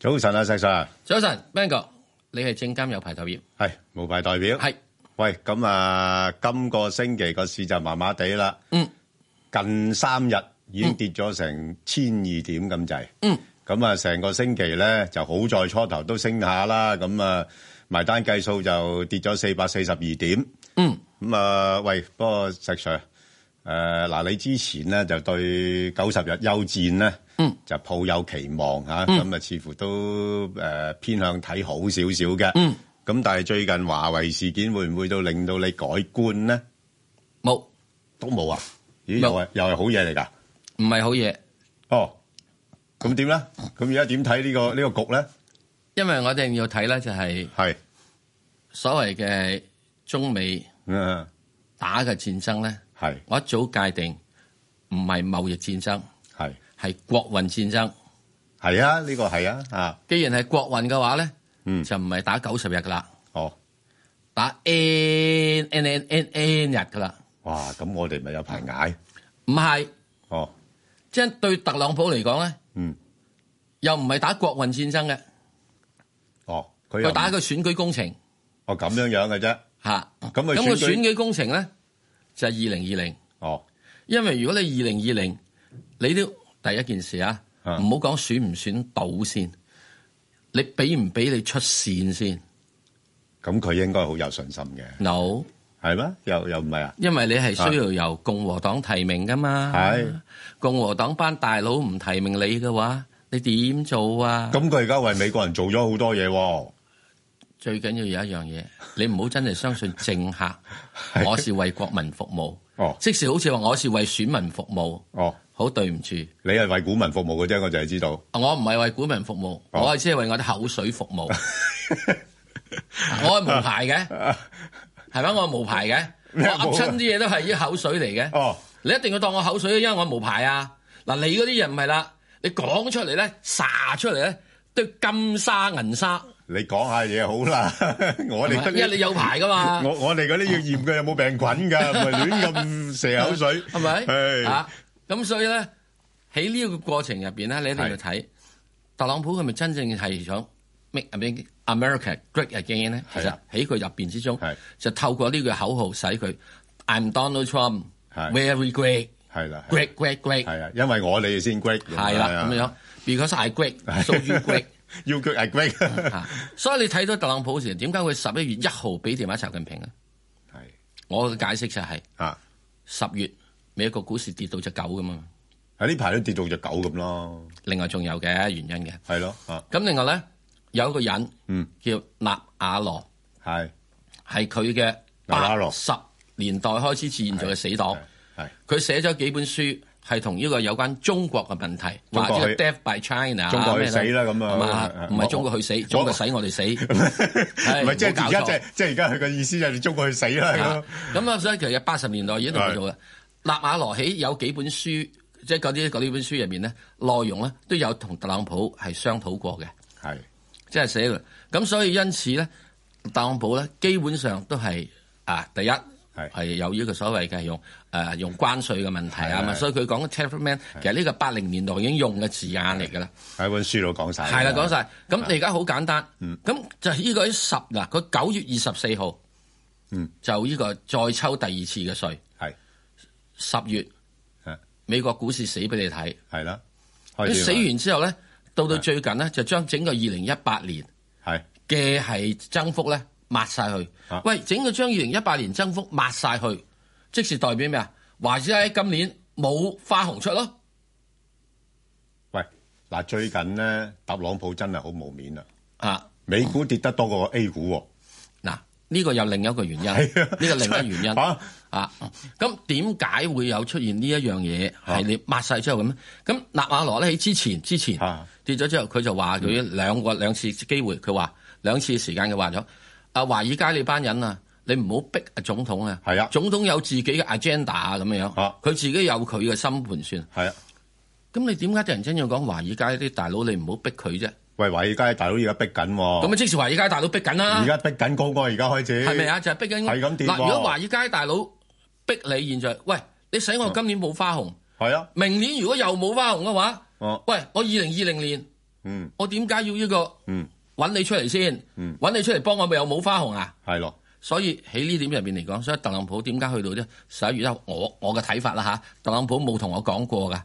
早晨啊，石 Sir。早晨，Ben 哥，你係證監有牌頭業係無牌代表係？喂，咁啊，今個星期個市就麻麻地啦。嗯，近三日已經跌咗成千二點咁滯。嗯，咁啊，成個星期咧就好在初頭都升下啦。咁啊，埋單計數就跌咗四百四十二點。嗯，咁啊，喂，不過石 Sir。誒，嗱，你之前咧就對九十日休戰咧，就抱有期望吓，咁、嗯、啊，似乎都誒偏向睇好少少嘅。咁、嗯、但係最近華為事件會唔會到令到你改觀咧？冇，都冇啊？咦，又係又係好嘢嚟噶？唔係好嘢。哦，咁點咧？咁而家點睇呢個呢個局咧？因為我哋要睇咧就係係所謂嘅中美打嘅戰爭咧。係我一早界定，唔係貿易戰爭，係係國運戰爭，係啊，呢個係啊啊！既然係國運嘅話咧，就唔係打九十日噶啦，哦，打 n n n n 日噶啦。哇！咁我哋咪有排捱？唔係哦，即係對特朗普嚟講咧，嗯，又唔係打國運戰爭嘅，哦，佢又打個選舉工程。哦咁樣樣嘅啫，吓咁個選舉工程咧？就係二零二零哦，因為如果你二零二零，你都第一件事啊，唔好講選唔選到先，你俾唔俾你出線先？咁佢應該好有信心嘅。No，係咩？又又唔係啊？因為你係需要由共和黨提名噶嘛。係、啊啊、共和黨班大佬唔提名你嘅話，你點做啊？咁佢而家為美國人做咗好多嘢喎、啊。最緊要有一樣嘢，你唔好真係相信政客，我是為國民服務，哦、即使好似話我是為選民服務，好、哦、對唔住。你係為股民服務嘅啫，我就係知道。我唔係為股民服務，我係只係為我啲口水服務。哦、我係無牌嘅，係、啊、咪？我係無牌嘅，我噏親啲嘢都係啲口水嚟嘅。哦、你一定要當我口水，因為我係無牌啊！嗱，你嗰啲人唔係啦，你講出嚟咧，撒出嚟咧，都金沙銀沙。你講下嘢好啦，我哋因為你有牌噶嘛？我我哋嗰啲要驗佢有冇病菌噶，唔係亂咁蛇口水，係咪？嚇咁所以咧，喺呢個過程入邊咧，你一定要睇特朗普係咪真正係想 make America great again 咧？其實喺佢入邊之中，就透過呢句口號使佢 I'm Donald Trump, very great，係啦，great great great，係啊，因為我你哋先 great，係啦，咁樣，because I'm great，so you great。要佢 agree， 啊、所以你睇到特朗普時點解會十一月一號俾電話習近平咧？係我嘅解釋就係、是，十、啊、月美國股市跌到隻狗咁嘛，喺呢排都跌到隻狗咁咯。另外仲有嘅原因嘅，係咯，咁、啊、另外咧有一個人，嗯，叫納瓦羅，係，係佢嘅納瓦羅，十年代開始似現在嘅死黨，係，佢寫咗幾本書。係同呢個有關中國嘅問題，或者 death by China，中國去死啦咁啊，唔係中國去死，中國使我哋死，唔係即係而家即係即係而家佢嘅意思就係中國去死啦咁啊！所以其實八十年代已經到到嘅，納瓦羅起有幾本書，即係嗰啲嗰啲本書入面咧，內容咧都有同特朗普係商討過嘅，係即係寫嘅。咁所以因此咧，特朗普咧基本上都係啊第一。係係由於佢所謂嘅用誒用關稅嘅問題啊嘛，所以佢講嘅 tapering m 其實呢個八零年代已經用嘅字眼嚟㗎啦。喺本書度講晒，係啦，講晒。咁你而家好簡單。嗯。咁就依個十嗱，佢九月二十四號，嗯，就呢個再抽第二次嘅稅。係。十月，美國股市死俾你睇。係啦。啲死完之後咧，到到最近呢，就將整個二零一八年係嘅係增幅咧。抹晒去，啊，喂，整個將二零一八年增幅抹晒去，即是代表咩啊？華資喺今年冇花紅出咯。喂，嗱，最近呢，特朗普真係好冇面啦。啊，美股跌得多過 A 股。哦。嗱，啊，呢，呢個又另一個原因，呢個，啊，另一個原因 啊。咁點解會有出現呢一樣嘢，係你抹晒之後咁？咁納瓦羅咧喺之前之前跌咗之後，佢就話佢兩個兩次機會，佢話兩次時間，佢話咗。啊，華爾街呢班人啊，你唔好逼啊總統啊，係啊，總統有自己嘅 agenda 啊，咁樣樣，佢自己有佢嘅心盤算，係啊，咁你點解突然之間要講華爾街啲大佬你唔好逼佢啫？喂，華爾街大佬而家逼緊、啊，咁即是華爾街大佬逼緊啦、啊，而家逼緊高開而家開始，係咪啊？就係、是、逼緊，係咁嗱，如果華爾街大佬逼你，現在喂，你使我今年冇花紅，係啊，明年如果又冇花紅嘅話、啊，喂，我二零二零年，嗯，我點解要呢、這個？嗯。揾你出嚟先，揾你出嚟幫我咪有冇花紅啊？係咯，所以喺呢點入邊嚟講，所以特朗普點解去到啫？十一月一號，我我嘅睇法啦吓，特朗普冇同我講過㗎，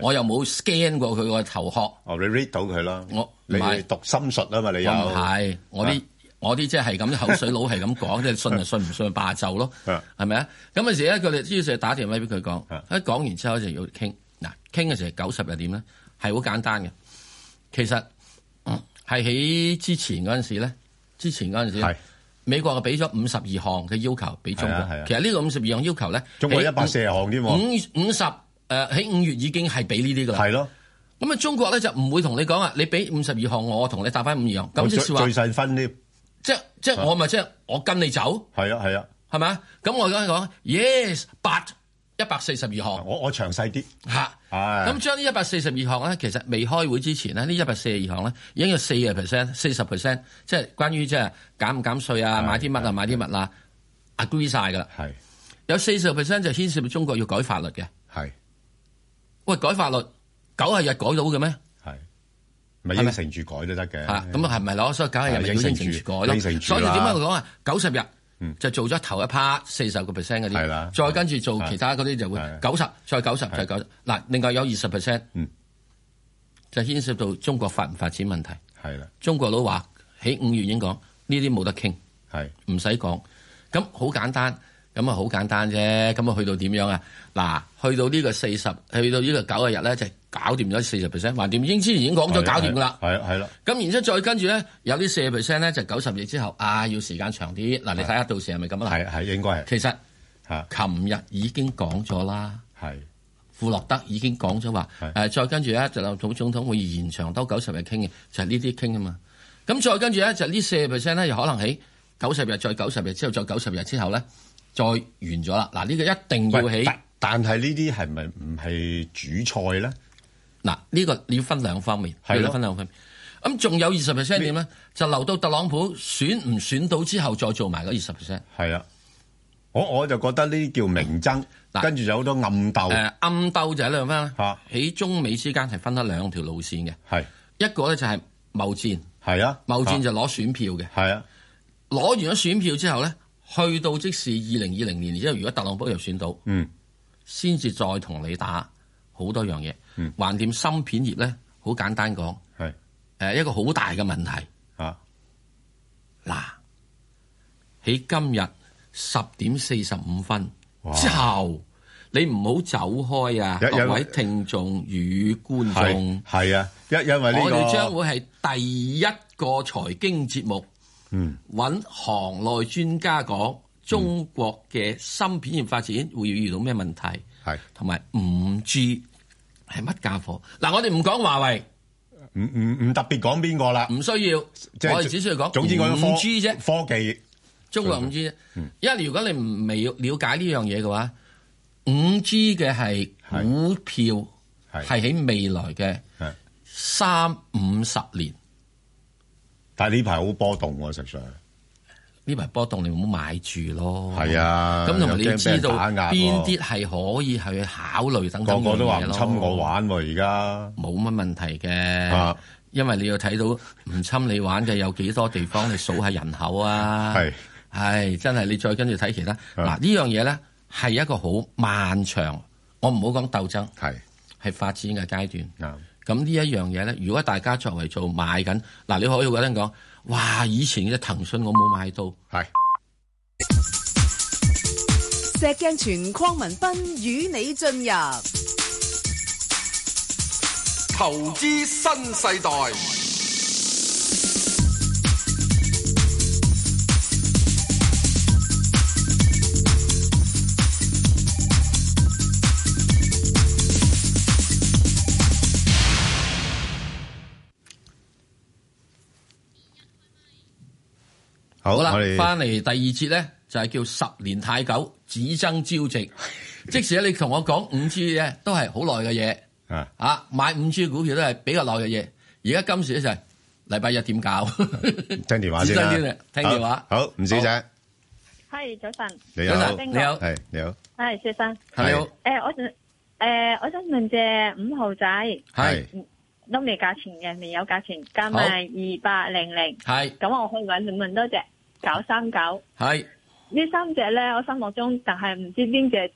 我又冇 scan 過佢個頭殼，哦，你 read 到佢咯，我唔係讀心術啊嘛，你又唔係我啲我啲即係咁口水佬係咁講， 即係信就信，唔信就罷咒咯，係咪啊？咁陣時咧，佢哋於是就打電話俾佢講，一講完之後就要傾，嗱傾嘅時候九十又點咧？係好簡單嘅，其實。係喺之前嗰陣時咧，之前嗰陣時、啊，美國啊俾咗五十二項嘅要求俾中國。啊啊、其實呢個五十二項要求咧，中國一百四十項添喎。五五十誒，喺五月已經係俾呢啲噶啦。係咯、啊，咁啊中國咧就唔會同你講啊，你俾五十二項，我同你搭翻五二項，咁即係話聚分添。即即是、啊、我咪即、就是、我跟你走。係啊係啊，係咪啊？咁我講一講，yes but。一百四十二項，我我詳細啲吓，咁、啊、將、啊、呢一百四十二項咧，其實未開會之前咧，這呢一百四十二項咧，已經有四啊 percent，四十 percent，即係關於即係減唔減稅啊，買啲乜啊，買啲乜啊 agree 晒噶啦，係、啊、有四十 percent 就牽、是、涉中國要改法律嘅，係喂，改法律九係日改到嘅咩？係咪應承住改都得嘅？咁啊係咪咯？所以九係日應承住改咯，所以點解佢講啊？九十日。就做咗頭一 part 四十個 percent 嗰啲，再跟住做其他嗰啲就會九十再九十再九十。嗱，另外有二十 percent，就牽涉到中國發唔發展問題。係啦，中國佬話喺五月已經講呢啲冇得傾，係唔使講。咁好簡單，咁啊好簡單啫。咁啊去到點樣啊？嗱，去到呢個四十，去到個呢個九十日咧就。搞掂咗四十 percent，橫掂。英之前已經講咗搞掂噶啦，係啊係啦。咁然之後再跟住咧，有啲四十 percent 咧就九十日之後，啊要時間長啲。嗱，你睇下到時係咪咁啊？係係應該係。其實，琴日已經講咗啦。係，庫洛德已經講咗話，誒、呃、再跟住咧就老總總統會延長多九十日傾嘅，就係呢啲傾啊嘛。咁再跟住咧就40呢四十 percent 咧又可能喺九十日再九十日之後再九十日之後咧再完咗啦。嗱、啊、呢、呢個一定要起，但係呢啲係咪唔係主菜咧？嗱，呢個你要分兩方面，係啦，這個、要分兩方面。咁仲有二十 percent 點咧，就留到特朗普選唔選到之後，再做埋嗰二十 percent。係啊，我我就覺得呢啲叫明爭，跟住就好多暗鬥、呃。暗鬥就係呢分咩？喺中美之間係分得兩條路線嘅。係一個咧就係貿戰，係啊貿戰就攞選票嘅，係啊攞完咗選票之後咧，去到即是二零二零年，之後如果特朗普又選到，嗯，先至再同你打好多樣嘢。橫、嗯、掂芯片業咧，好簡單講，誒、呃，一個好大嘅問題啊！嗱，喺今日十點四十五分之後，你唔好走開啊！各位聽眾與觀眾，係啊，一因為、這個、我哋將會係第一個財經節目，嗯，搵行內專家講中國嘅芯片業發展會要遇到咩問題，係同埋五 G。係乜家伙？嗱、啊，我哋唔講華為，唔唔唔特別講邊個啦，唔需要，就是、我哋只需要講，總之講五 G 啫，科技，中國五 G 啫。因為如果你唔未了解呢樣嘢嘅話，五 G 嘅係股票，係喺未來嘅三五十年。但係呢排好波動，啊，實上。呢排波動你唔好買住咯，係啊，咁同埋你知道邊啲係可以去考慮等等嘅嘢咯？個個都話唔侵我玩喎，而家冇乜問題嘅、啊，因為你要睇到唔侵你玩嘅有幾多地方，你數下人口啊，係， 係、哎、真係你再跟住睇其他嗱、啊啊這個、呢樣嘢咧，係一個好漫長，我唔好講鬥爭，係係發展嘅階段，咁、啊、呢一樣嘢咧，如果大家作為做買緊嗱、啊，你可以我聽講。哇！以前嘅騰訊我冇買到，係。石鏡泉匡文斌與你進入投資新世代。好啦，翻嚟第二節咧就係、是、叫十年太久，只爭朝夕。 即使你同我講五 G 嘅都係好耐嘅嘢，啊買五 G 股票都係比較耐嘅嘢。而家今時咧就禮、是、拜一點搞？聽電話先啦，呵呵先聽電話。好，吳小姐，係早晨，你好，你好，係你好，係薛生，你好。誒，我想誒，我想問隻五號仔，係都未價錢嘅，未有價錢，加埋二百零零，係咁，我可以搵問多隻。九三九係呢三隻咧，我心目中，但係唔知邊隻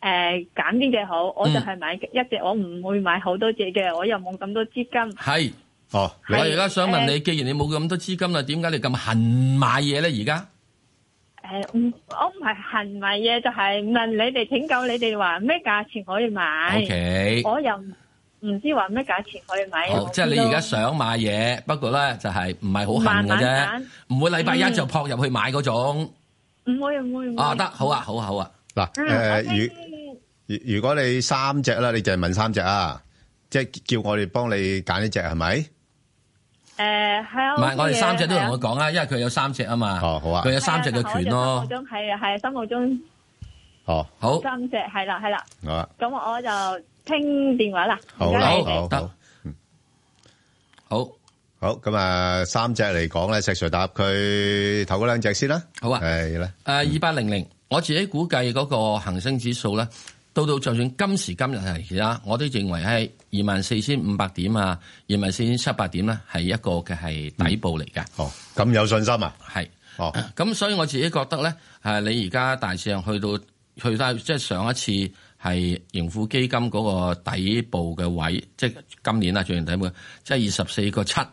誒揀邊隻好，我就係買一隻，我唔會買好多隻嘅，我又冇咁多資金。係哦，我而家想問你，既然你冇咁多資金啦，點解你咁恨買嘢咧？而家誒，唔我唔係恨買嘢，就係問你哋，請教你哋話咩價錢可以買？OK。我又。唔知話咩價錢可以買？好，即係你而家想買嘢，不過咧就係唔係好恨嘅啫，唔會禮拜一就撲入去買嗰種。唔、嗯、會唔會唔會。啊，得，好啊，好啊，好啊。嗱，誒，uh, 如果、okay. 如果你三隻啦，你就係問三隻啊，即係叫我哋幫你揀一隻係咪？誒，係啊，唔係我哋三隻都同佢講啊，因為佢有三隻啊嘛。哦，好啊，佢有三隻嘅權咯。心目中係啊，係心目中。哦，好。三隻係啦，係、uh, 啦。啊、uh,。咁、uh, uh, uh, uh, uh, uh, uh. 我就。聽電話啦，好啦，好好，好，好，好，好嗯，嗯，好好咁啊，三隻嚟講咧，石 Sir 答佢頭嗰兩隻先啦，好啊，係啦，誒，二八零零，我自己估計嗰個恒生指數咧，到到就算今時今日係啊，我都認為係二萬四千五百點啊，二萬四千七百點咧、啊、係一個嘅係底部嚟噶、嗯，哦，咁有信心啊，係，哦，咁所以我自己覺得咧，誒、啊，你而家大市啊去到去翻即係上一次。係盈富基金嗰個底部嘅位，即係今年啊，最近底部即係二十四個七，咁、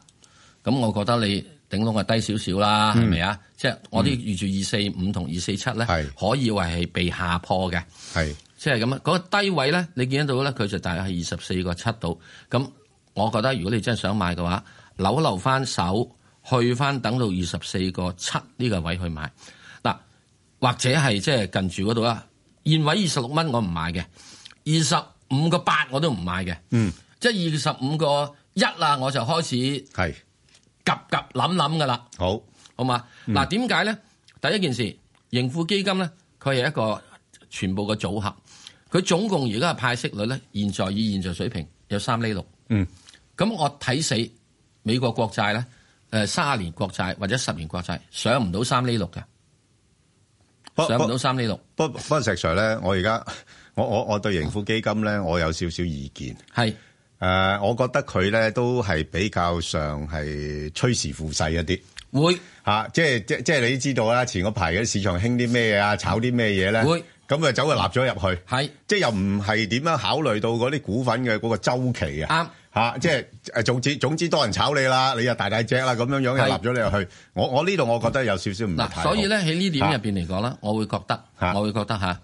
就是、我覺得你頂籠係低少少啦，係咪啊？即係、就是、我啲預住二四五同二四七咧，可以話係被下破嘅，即係咁啊。嗰、就是那個低位咧，你見得到咧，佢就大約係二十四個七度。咁我覺得如果你真係想買嘅話，扭留翻手去翻，等到二十四個七呢個位去買嗱，或者係即係近住嗰度啦。現位二十六蚊，我唔買嘅。二十五個八我都唔買嘅。嗯，即係二十五個一啦，我就開始係急急諗諗噶啦。好，好嘛。嗱、嗯，點解咧？第一件事，盈富基金咧，佢係一個全部嘅組合。佢總共而家嘅派息率咧，現在以現在水平有三厘六。嗯，咁我睇死美國國債咧，誒，卅年國債或者十年國債上唔到三厘六嘅。不不上唔到三厘六，不不，不石 Sir 咧，我而家我我我對盈富基金咧，我有少少意見。係、哦、誒、呃，我覺得佢咧都係比較上係趨時附勢一啲。會吓、啊，即係即係即係你知道啦，前嗰排嘅市場興啲咩嘢啊，炒啲咩嘢咧。會咁啊，走就立咗入去。係即係又唔係點樣考慮到嗰啲股份嘅嗰個周期啊？嗯吓、啊，即係誒，總之總之多人炒你啦，你又大大隻啦，咁樣樣又納咗你入去。我我呢度我，我覺得有少少唔嗱，所以咧喺呢點入邊嚟講咧，我會覺得、啊、我會覺得吓、啊啊，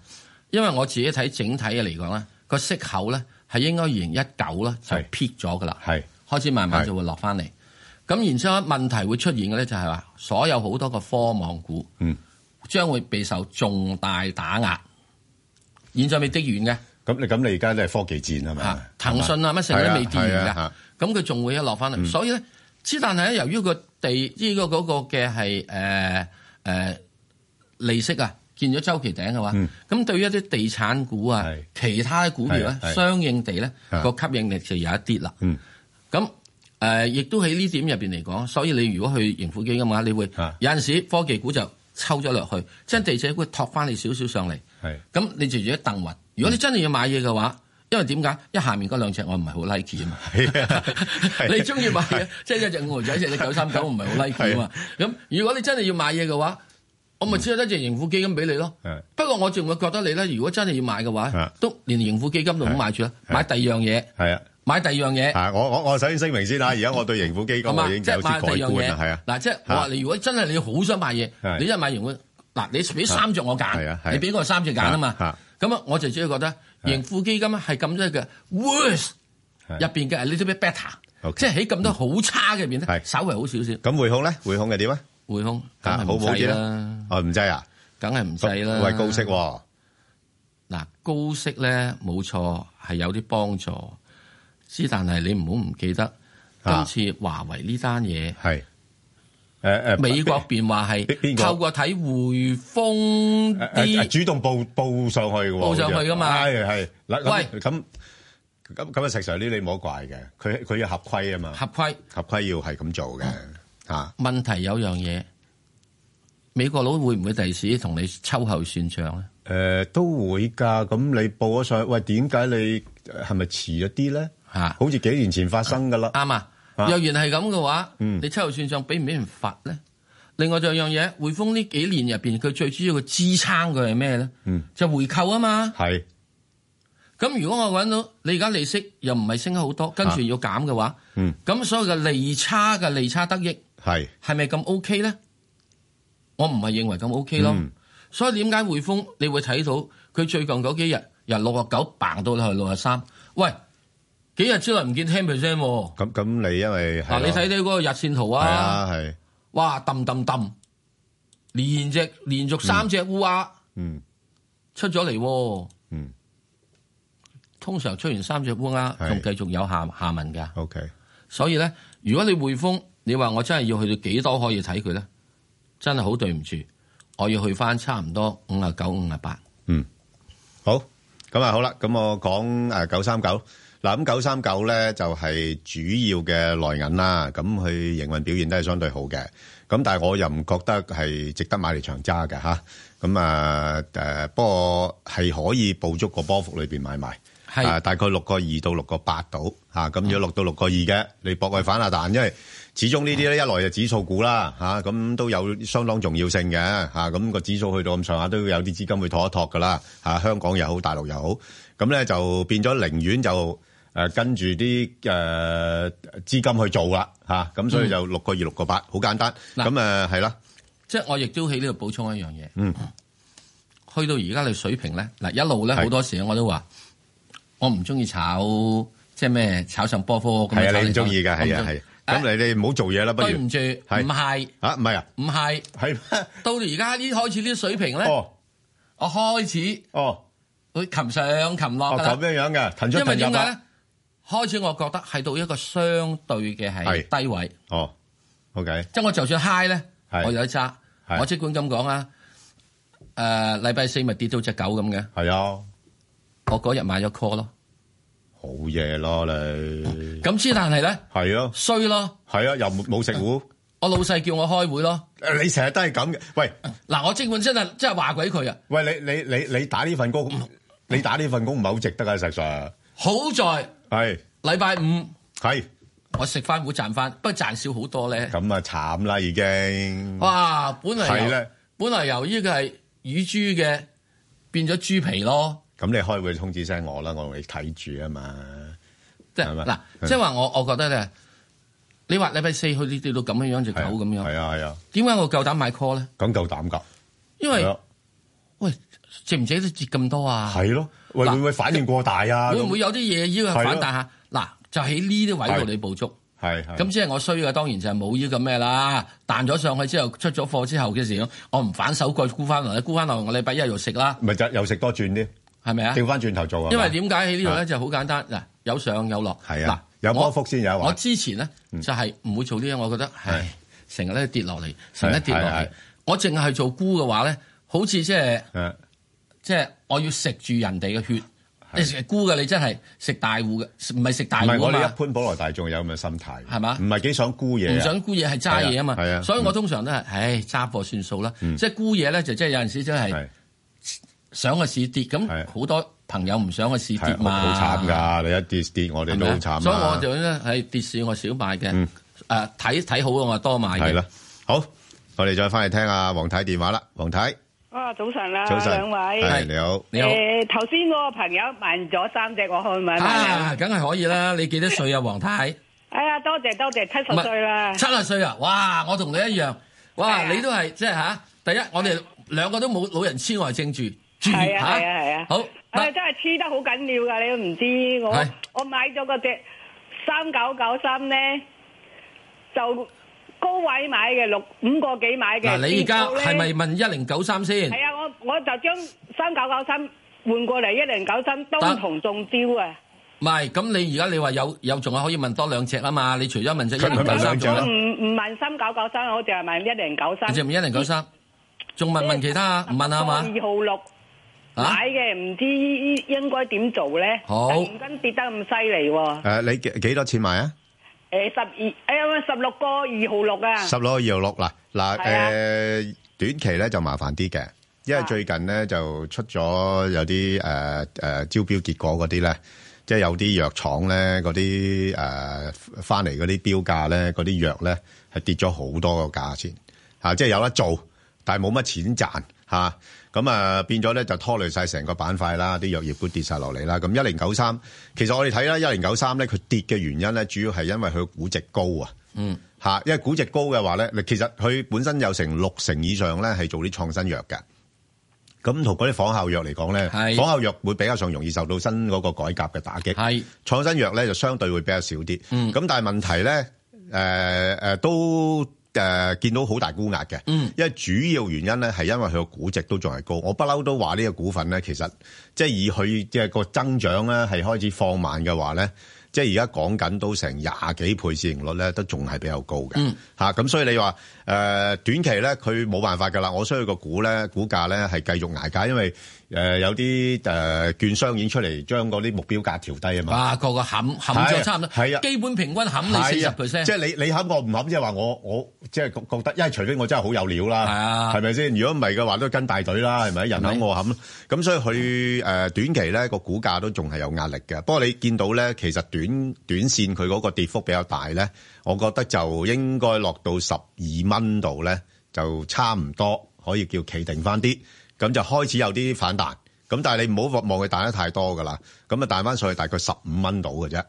因為我自己睇整體嘅嚟講咧，個息口咧係應該二零一九咧就撇咗噶啦，係開始慢慢就會落翻嚟。咁然之後問題會出現嘅咧就係話，所有好多嘅科網股嗯將會備受重大打壓，現在未跌完嘅。咁你咁你而家都係科技戰係咪、啊？騰訊啊乜成日都未跌完㗎，咁佢仲會一落翻嚟，所以咧之但係咧，由於個地呢、呢個嗰個嘅係誒誒利息啊，見咗周期頂嘅話咁、嗯、對於一啲地產股啊，其他股票咧、啊啊，相應地咧個、啊、吸引力就有一啲啦。咁、嗯、亦、呃、都喺呢點入面嚟講，所以你如果去盈富基金啊，你會、啊、有陣時科技股就抽咗落去，將、啊、地產股托翻你少少上嚟，咁、啊啊、你住住一掟雲。如果你真係要買嘢嘅話，因為點解？因為下面嗰兩隻我唔係好 l i k e 啊嘛。 你中意買啊？即 係一隻五毫仔，一隻九三九，唔係好 l i k e 啊嘛。咁 如果你真係要買嘢嘅話，我咪只有得隻盈富基金俾你咯是。不過我仲會覺得你咧，如果真係要買嘅話是，都連盈富基金都唔好買住啦是，買第二樣嘢。係啊，買第二樣嘢。我我我首先聲明先啦、啊，而家我對盈富基金我已經有次改觀啦。係啊，嗱是，即係我話你，是你如果真係你好想買嘢是，你一買盈富，嗱是、啊，你俾三隻我揀是是，你俾我三隻揀啊嘛。是是咁啊，我就主要覺得盈富基金係咁、okay, 多嘅 worse 入面嘅 little bit better 即係喺咁多好差嘅入面咧，稍微好少少。咁匯控咧，匯控又點啊？匯控係好唔嘢啦，我唔制啊，梗係唔滯啦。喂，高息嗱、哦，高息咧冇錯係有啲幫助，之但係你唔好唔記得、啊、今次華為呢單嘢誒誒，美國邊話係透過睇匯豐啲主動報報上去嘅，報上去噶嘛？係係，喂，咁咁咁嘅其實呢？你唔好怪嘅，佢佢要合規啊嘛，合規合規要係咁做嘅啊，啊。問題有樣嘢，美國佬會唔會第時同你秋後算賬咧？誒，都會噶。咁你報咗上去，喂，點解你係咪遲咗啲咧？吓，好似幾年前發生噶啦，啱啊。若然係咁嘅話，你七號線上俾唔俾人罰咧？另外仲有樣嘢，匯豐呢幾年入邊，佢最主要嘅支撐佢係咩咧？就係，回購啊嘛。係。咁如果我揾到你而家利息又唔係升得好多，跟住要減嘅話，咁，啊嗯，所謂嘅利差嘅利差得益係係咪咁 OK 咧？我唔係認為咁 OK 咯，嗯。所以點解匯豐你會睇到佢最近嗰幾日由六十九掹到去六十三？喂！幾日之內唔見 percent 咁咁，你因為嗱、啊，你睇睇嗰個日線圖啊，係啊哇，氹氹氹，連隻連續三隻烏鴉嗯出咗嚟、啊、嗯，通常出完三隻烏鴉，仲繼續有下下文㗎。OK，所以咧，如果你匯豐，你話我真係要去到幾多可以睇佢咧，真係好對唔住，我要去翻差唔多五呀九五呀八嗯，好咁啊，好啦，咁我講誒九三九。嗱咁九三九咧就係、是、主要嘅內銀啦，咁佢營運表現都係相對好嘅，咁但係我又唔覺得係值得買嚟長揸嘅嚇，咁啊誒、啊、不過係可以捕捉個波幅裏面買賣，係啊大概六個二到六個八度嚇，咁如果六到六個二嘅，你博位反下彈，因為始終呢啲咧一來就指數股啦嚇，咁都有相當重要性嘅嚇，咁、那個指數去到咁上下都有啲資金會托一托噶啦嚇，香港又好大陸又好，咁咧就變咗寧願就。誒、啊，跟住啲誒資金去做啦，吓、啊、咁所以就六個二六個八，好簡單。咁誒係啦，即係、uh, 我亦都喺呢度補充一樣嘢。嗯，去到而家你水平咧，嗱一路咧好多時我都話，我唔中意炒即係咩炒上波科咁係啊，你唔中意㗎？係啊係。咁、啊、你哋唔好做嘢啦、哎，不如。對唔住，唔係啊，唔係啊，唔係。係 到而家呢開始呢啲水平咧、哦，我開始爬爬哦，會擒上擒落，咁咩樣嘅，騰出因為點解咧？開始我覺得係到一個相對嘅係低位，哦，OK。即係我就算 high 咧，我有得揸。我即管咁講啊，誒，禮拜四咪跌到隻狗咁嘅。係啊，我嗰日買咗 call 咯，好嘢咯你。咁之但係咧，係啊，衰咯，係啊，又冇食糊。我老細叫我開會咯。你成日都係咁嘅。喂，嗱，我即管真係真係話鬼佢啊。喂，你你你你打呢份工，你打呢份工唔係好值得啊，實在。好在。係禮拜五，係我食翻會賺翻，不過賺少好多咧。咁啊慘啦已經。哇，本來係啦，本來由呢個係乳豬嘅變咗豬皮咯。咁你開會通知聲我啦，我咪睇住啊嘛。即係嗱，即係話我，我覺得咧，你話禮拜四去呢跌到咁樣樣，隻狗咁樣，係啊係啊。點解我夠膽買 call 咧？咁夠膽噶，因為喂，折唔折得折咁多啊？係咯。會唔會反應過大啊！會唔會有啲嘢要反彈下？嗱，就喺呢啲位度你捕捉。係咁，即係我衰嘅，當然就係冇呢個咩啦。彈咗上去之後，出咗貨之後嘅時候，我唔反手再沽翻落去沽，沽翻落去，我禮拜一日又食啦。咪就又食多轉啲，係咪啊？調翻轉頭做啊！因為點解喺呢度咧，就好簡單嗱，有上有落，嗱，有波幅先有。我之前咧就係唔會做呢樣，我覺得係成日咧跌落嚟，成日跌落嚟。我淨係做沽嘅話咧，好似即係。即係我要食住人哋嘅血，你成日沽嘅你真係食大戶嘅，唔係食大戶。我哋一般普羅大眾有咁嘅心態，係啊嘛？唔係幾想沽嘢，唔想沽嘢係揸嘢啊嘛。所以我通常都係，唉、嗯哎，揸貨算數啦。嗯、即係沽嘢咧，就即係有陣時真係想個市跌，咁好多朋友唔想個市跌嘛。好慘噶，你一跌跌，我哋都好慘。所以我就咧，係跌市我少買嘅，誒睇睇好我多買嘅。係啦，好，我哋再翻嚟聽下黃太電話啦，黃太。啊，早晨啦，早晨，兩位係你好，你好。誒、呃，頭先個朋友問咗三隻我去問啦。啊，梗係、啊、可以啦， 你幾多歲啊，黃太？哎呀，多謝多謝，七十歲啦。七十歲啊？哇，我同你一樣，哇，啊、你都係即係吓、啊。第一，啊、我哋兩個都冇老人痴呆症住，係啊係啊係啊，啊。好，我哋、啊、真係痴得好緊要噶，你都唔知我、啊、我買咗個隻三九九三咧就。高位買嘅六五個幾買嘅，嗱你而家係咪問一零九三先？係啊，我我就將三九九三換過嚟一零九三都同中招啊！唔係，咁你而家你話有有仲可以問多兩隻啊嘛？你除咗問隻一零九三仲，唔唔問三九九三，我就係問一零九三。嗰隻唔一零九三，仲問問其他啊？問下嘛？二號六買嘅，唔知應該點做咧？好，唔跟跌得咁犀利喎。誒，你幾幾多錢買啊？誒、欸，十二誒、欸，十六個二號六啊，十六個二號六啦，嗱誒、啊呃，短期咧就麻煩啲嘅，因為最近咧就出咗有啲誒誒招標結果嗰啲咧，即係有啲藥廠咧嗰啲誒翻嚟嗰啲標價咧，嗰啲藥咧係跌咗好多個價錢，吓、啊、即係有得做，但係冇乜錢賺。吓，咁啊變咗咧就拖累晒成個板塊啦，啲藥業都跌晒落嚟啦。咁一零九三，其實我哋睇啦，一零九三咧，佢跌嘅原因咧，主要係因為佢估值高啊。嗯，吓，因為估值高嘅話咧，你其實佢本身有成六成以上咧係做啲創新藥嘅，咁同嗰啲仿效藥嚟講咧，仿效藥會比較上容易受到新嗰個改革嘅打擊。係創新藥咧就相對會比較少啲。嗯，咁但係問題咧，誒、呃、誒、呃、都。誒、呃，見到好大沽壓嘅，因為主要原因咧係因為佢個估值都仲係高，我不嬲都話呢個股份咧，其實即係以佢即係個增長咧係開始放慢嘅話咧，即係而家講緊都成廿幾倍市盈率咧，都仲係比較高嘅嚇。咁、嗯啊、所以你話。誒短期咧，佢冇辦法㗎啦。我需要個股咧，股價咧係繼續捱價，因為誒有啲誒券商已經出嚟，將嗰啲目標價調低啊嘛。啊，個個冚冚咗差唔多，係啊，基本平均冚你四十 percent。即係你你冚我唔冚，即係話我我即係覺得，因為除非我真係好有料啦，係咪先？如果唔係嘅話，都跟大隊啦，係咪？人冚我冚，咁所以佢誒短期咧個股價都仲係有壓力嘅。不過你見到咧，其實短短線佢嗰個跌幅比較大咧。我覺得就應該落到十二蚊度咧，就差唔多可以叫企定翻啲，咁就開始有啲反彈。咁但係你唔好望望佢彈得太多噶啦，咁啊彈翻上去大概十五蚊度嘅啫，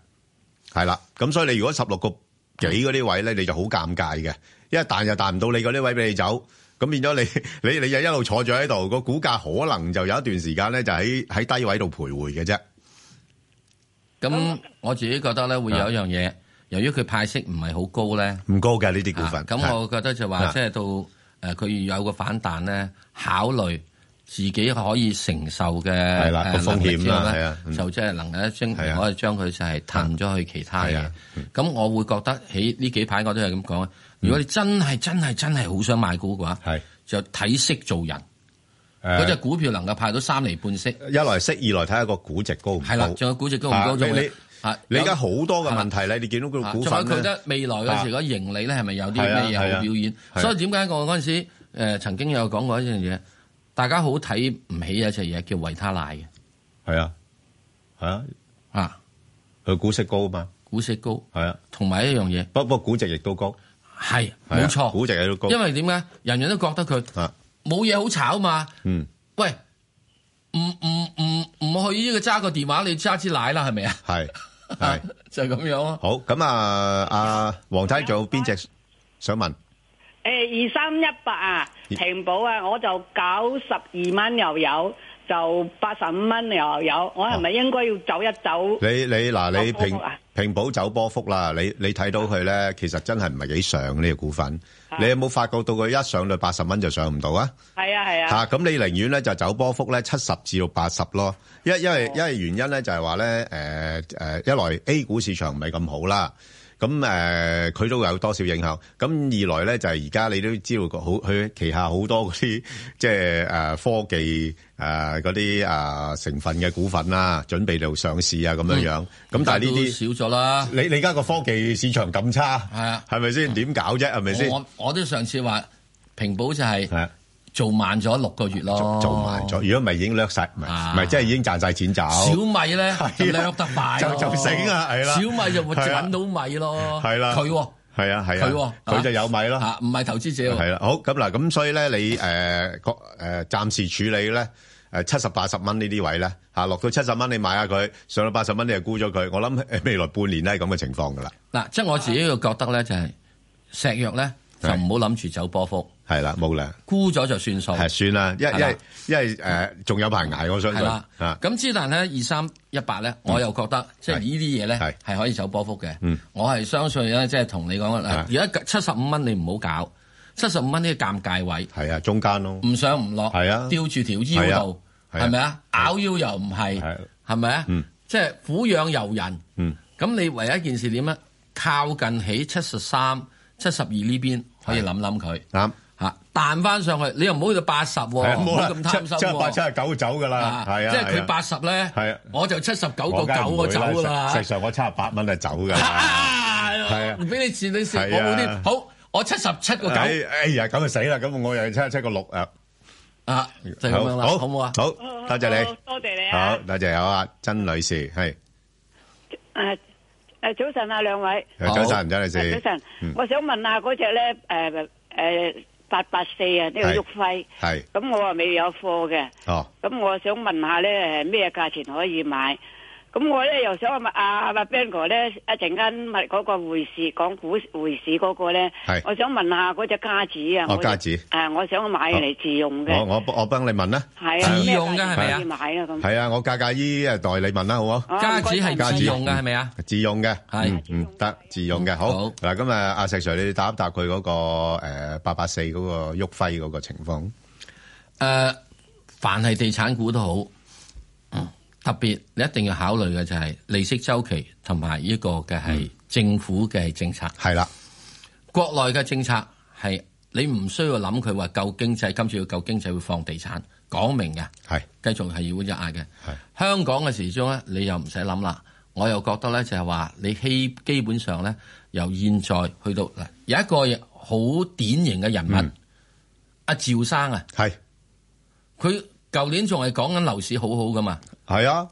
係啦。咁所以你如果十六個幾嗰啲位咧，你就好尷尬嘅，一彈又彈唔到你嗰啲位俾你走，咁變咗你你你又一路坐住喺度，個股價可能就有一段時間咧就喺喺低位度徘徊嘅啫。咁我自己覺得咧會有一樣嘢。由於佢派息唔係好高咧，唔高嘅呢啲股份。咁、啊、我覺得就話即係到誒佢有個反彈咧，考慮自己可以承受嘅風險啦、啊，就即係能夠將可以將佢就係騰咗去其他嘢。咁我會覺得喺呢幾排我都係咁講啊。如果你真係真係真係好想買股嘅話，就睇息做人。嗰隻股票能夠派到三厘半息、呃，一來息，二來睇下個估值高唔高，仲有估值高唔高，仲、啊你而家好多嘅問題咧、啊，你見到個股份咧，仲、啊、有覺得未來嗰時嗰盈利咧係咪有啲咩嘢好表現？啊啊啊、所以點解我嗰陣時、呃、曾經有講過一樣嘢，大家好睇唔起一樣嘢叫維他奶嘅。係啊，係啊，啊，佢股息高嘛？股息高係啊，同埋一樣嘢。不過估值亦都高，係冇錯，估值亦都高。因為點解？人人都覺得佢冇嘢好炒嘛。嗯，喂，唔唔唔唔去呢個揸個電話，你揸支奶啦，係咪啊？係。係 就咁樣咯、啊，好咁啊！阿黃太仲有邊隻想問？誒，二三一八啊，平保啊，我就九十二蚊又有。就八十五蚊又有，我係咪應該要走一走？你你嗱，你平平保走波幅啦，你你睇到佢咧，其實真係唔係幾上呢個股份。你有冇發覺到佢一上到八十蚊就上唔到啊？係啊係啊。嚇！咁你寧願咧就走波幅咧，七十至到八十咯，因因為因為原因咧就係話咧誒誒，一來 A 股市場唔係咁好啦。咁誒，佢都有多少影響？咁二來咧，就係而家你都知道好佢旗下好多嗰啲即係誒科技誒嗰啲誒成分嘅股份啦，準備就上市啊咁樣樣。咁但係呢啲少咗啦。你你而家個科技市場咁差，係啊，係咪先點搞啫？係咪先？我我都上次話平保就係。做慢咗六個月咯，做，做慢咗。如果唔係已經掠晒，唔、啊、係即係已經賺晒錢走。小米咧，掠得米就就醒啊，係啦、啊啊啊。小米就會揾到米咯，係啦，佢係啊係啊，佢佢、啊啊啊啊啊、就有米咯，嚇唔係投資者。係啦、啊，好咁嗱，咁所以咧，你誒個誒暫時處理咧誒、呃、七十八十蚊呢啲位咧嚇、啊、落到七十蚊你買下佢，上到八十蚊你就沽咗佢。我諗未來半年咧係咁嘅情況㗎啦。嗱、啊，即係我自己就覺得咧，就係、是、石藥咧就唔好諗住走波幅。係啦，冇啦、呃，估咗就算數。係算啦，因為因為誒，仲、呃、有排捱，我相信。咁之但咧，二三一八咧，我又覺得即係呢啲嘢咧，係可以走波幅嘅。嗯，我係相信咧，即係同你講，而家七十五蚊你唔好搞，七十五蚊呢個尷尬位。係啊，中間咯。唔上唔落。係啊。吊住條腰度，係咪啊？咬腰又唔係，係咪啊？嗯。即係俯仰由人。嗯。咁你唯一一件事點啊？靠近起七十三、七十二呢邊可以諗諗佢。啊！彈翻上去，你又唔好去到八十喎，唔好咁貪心喎，七七七十九走噶啦，即係佢八十咧，我就七十九個九就走噶啦，實際我七十八蚊就走噶，係啊，唔俾你賤啲笑，我冇啲好，我七十七個九，哎呀咁就死啦，咁我又七七個六啊，啊就咁樣啦，好唔好啊？好多謝你，多謝你，好，多謝有阿曾女士，係誒誒，早晨啊，兩位，早晨，曾女士，早晨，我想問下嗰隻咧，誒誒。八八四啊，呢個旭輝係，咁我話未有貨嘅，哦、咁我想問下咧，咩價錢可以買？咁我咧又想問阿阿 Ben 哥咧，一陣間嗰個匯市講股匯市嗰個咧，我想問下嗰隻戒指啊，戒指，誒，我想買嚟自用嘅。我我幫你問啦。係啊，自用嘅係咪啊？買啊咁。係啊，我介介依代你問啦，好啊。戒指係戒指用嘅係咪啊？自用嘅，係唔得自用嘅。好。嗱，今日，阿石 Sir，你答一答佢嗰、嗰個誒八八四嗰個旭輝嗰個情況。誒、呃，凡係地產股都好。特別你一定要考慮嘅就係利息周期同埋呢個嘅係政府嘅政策係啦、嗯。國內嘅政策係你唔需要諗佢話救經濟，今次要救經濟會放地產，講明嘅係，繼續係要一嗌嘅係。香港嘅時鐘咧，你又唔使諗啦。我又覺得咧就係話你基基本上咧由現在去到，有一個好典型嘅人物阿趙生啊，係佢舊年仲係講緊樓市好好噶嘛。係啊，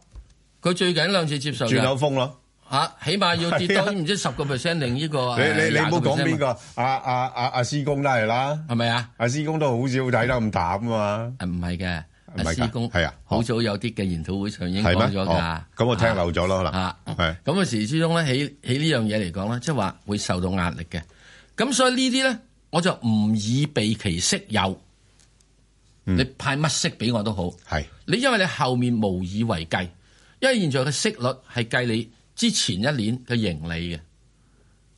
佢最近兩次接受轉口風咯，吓起碼要跌到唔知十個 percent 定呢個。啊， 你你唔好講邊個，阿阿阿阿施工都係啦，係咪啊？阿施工都好少睇得咁淡啊嘛。唔係嘅，阿施工係啊，好早有啲嘅研討會上已經講咗噶。咁、哦啊啊、我聽漏咗咯可能。咁啊，啊嗯、時之中咧起起呢樣嘢嚟講咧，即係話會受到壓力嘅。咁所以呢啲咧，我就唔以避其色誘。你派乜息俾我都好，係你因為你後面無以為繼，因為現在嘅息率係計你之前一年嘅盈利嘅。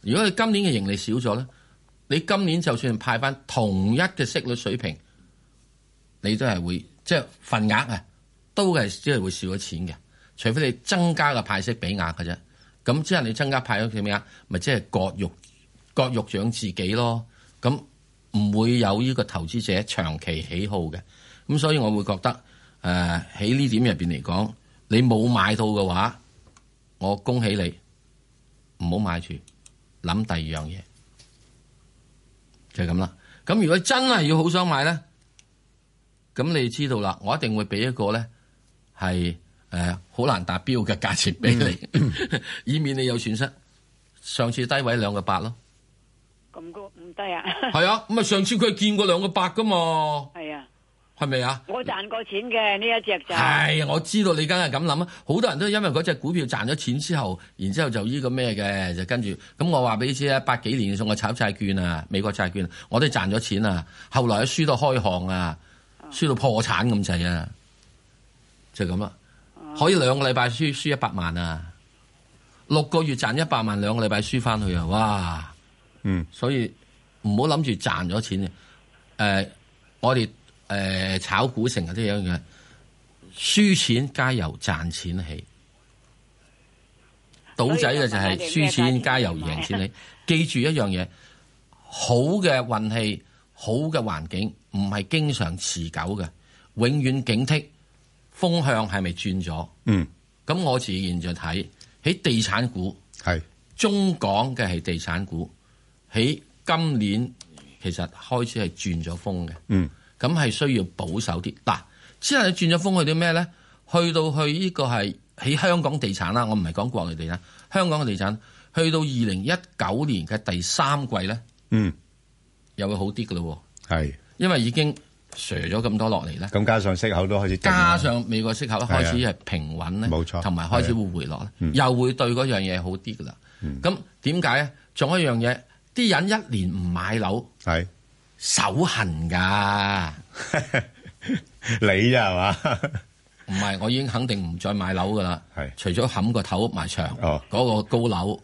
如果你今年嘅盈利少咗咧，你今年就算派翻同一嘅息率水平，你都係會即係、就是、份額啊，都係即係會少咗錢嘅。除非你增加個派息俾額㗎啫，咁即係你增加派咗佢咩啊？咪即係割肉割肉養自己咯，咁。唔會有呢個投資者長期喜好嘅，咁所以我會覺得誒喺呢點入邊嚟講，你冇買到嘅話，我恭喜你，唔好買住，諗第二樣嘢就係咁啦。咁如果真係要好想買咧，咁你知道啦，我一定會俾一個咧係誒好難達標嘅價錢俾你，嗯、 以免你有損失。上次低位兩個八咯。咁高唔低啊？係啊，咁啊，上次佢見過兩個百噶嘛？係啊，係咪啊？我賺過錢嘅呢一隻就係、係、我知道你梗係咁諗啦，好多人都係因為嗰隻股票賺咗錢之後，然之後就依個咩嘅，就跟住咁我話俾你知啊，八幾年送我炒債券啊，美國債券，我都賺咗錢啊，後來啊輸到開行啊，輸、啊、到破產咁滯啊，就咁啦，可以兩個禮拜輸輸一百萬啊，六個月賺一百萬，兩個禮拜輸翻去啊，哇！嗯，所以唔好諗住賺咗錢嘅。誒、呃，我哋誒、呃、炒股成日都有一樣嘢，輸錢皆由賺錢起。賭仔嘅就係輸錢皆由贏錢起。記住一樣嘢，好嘅運氣、好嘅環境唔係經常持久嘅，永遠警惕風向係咪轉咗。嗯，咁我自然就睇喺地產股係中港嘅係地產股。喺今年其實開始係轉咗風嘅，咁、嗯、係需要保守啲嗱、啊。之後你轉咗風去到咩咧？去到去呢個係喺香港地產啦。我唔係講國內地產，香港嘅地產去到二零一九年嘅第三季咧，嗯，又會好啲嘅咯喎，係因為已經 share 咗咁多落嚟呢，咁加上息口都開始加，加上美國息口都開始係平穩咧，冇錯同埋開始會回落咧、嗯，又會對嗰樣嘢好啲嘅啦。咁點解咧？仲有一樣嘢。啲人一年唔買樓，係手痕㗎， 你啊嘛已？唔 係，我已經肯定唔再買樓㗎啦。除咗冚個頭埋牆，哦，嗰、那個高樓，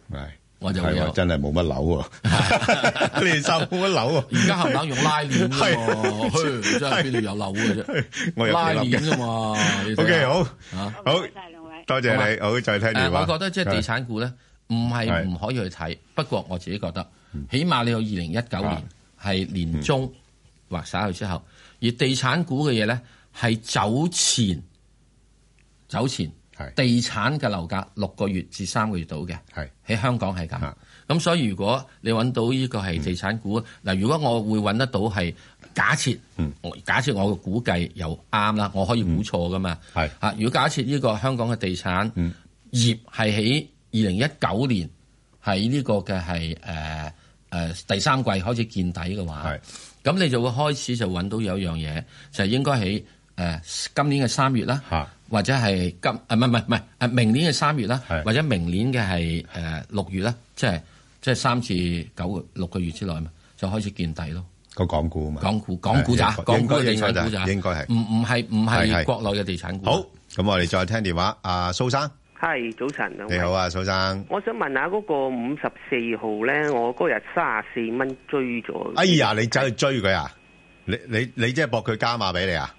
我就冇真係冇乜樓喎、啊，連收冇乜樓喎、啊。而家冚樓用拉鏈㗎喎，邊 度是 有樓㗎啫？我 拉鏈㗎而嘛。 o、okay, K 好，啊好，多謝兩位，多謝你，好，好再聽、呃、我覺得即係地產股咧，唔係唔可以去睇，不過我自己覺得。起碼你有二零一九年係年中或曬去之後，而地產股嘅嘢咧，係走前，走前地產嘅樓價六個月至三個月到嘅，喺香港係咁。咁所以如果你搵到呢個係地產股，嗱、嗯，如果我會搵得到係、嗯，假設假設我嘅估計又啱啦，我可以估錯噶嘛。係、嗯、啊，如果假設呢個香港嘅地產業係喺二零一九年喺呢個嘅係誒。呃誒、呃、第三季開始見底嘅話，咁你就會開始就揾到有一樣嘢，就係、應該喺誒今年嘅三月啦、啊，或者係今啊唔唔唔係誒明年嘅三月啦，或者明年嘅係誒六月啦，即係即係三至九六個月之內嘛，就開始見底咯。個港股啊嘛，港股、港股咋？港股嘅地，地，地產股咋？應該係唔唔係唔係國內嘅地產股。好，咁我哋再聽電話啊，蘇生。係早晨，你好啊，蘇生。我想問下嗰個五十四號咧，我嗰日三十四蚊追咗。哎呀，你走去追佢啊？你你你即係博佢加碼俾你啊？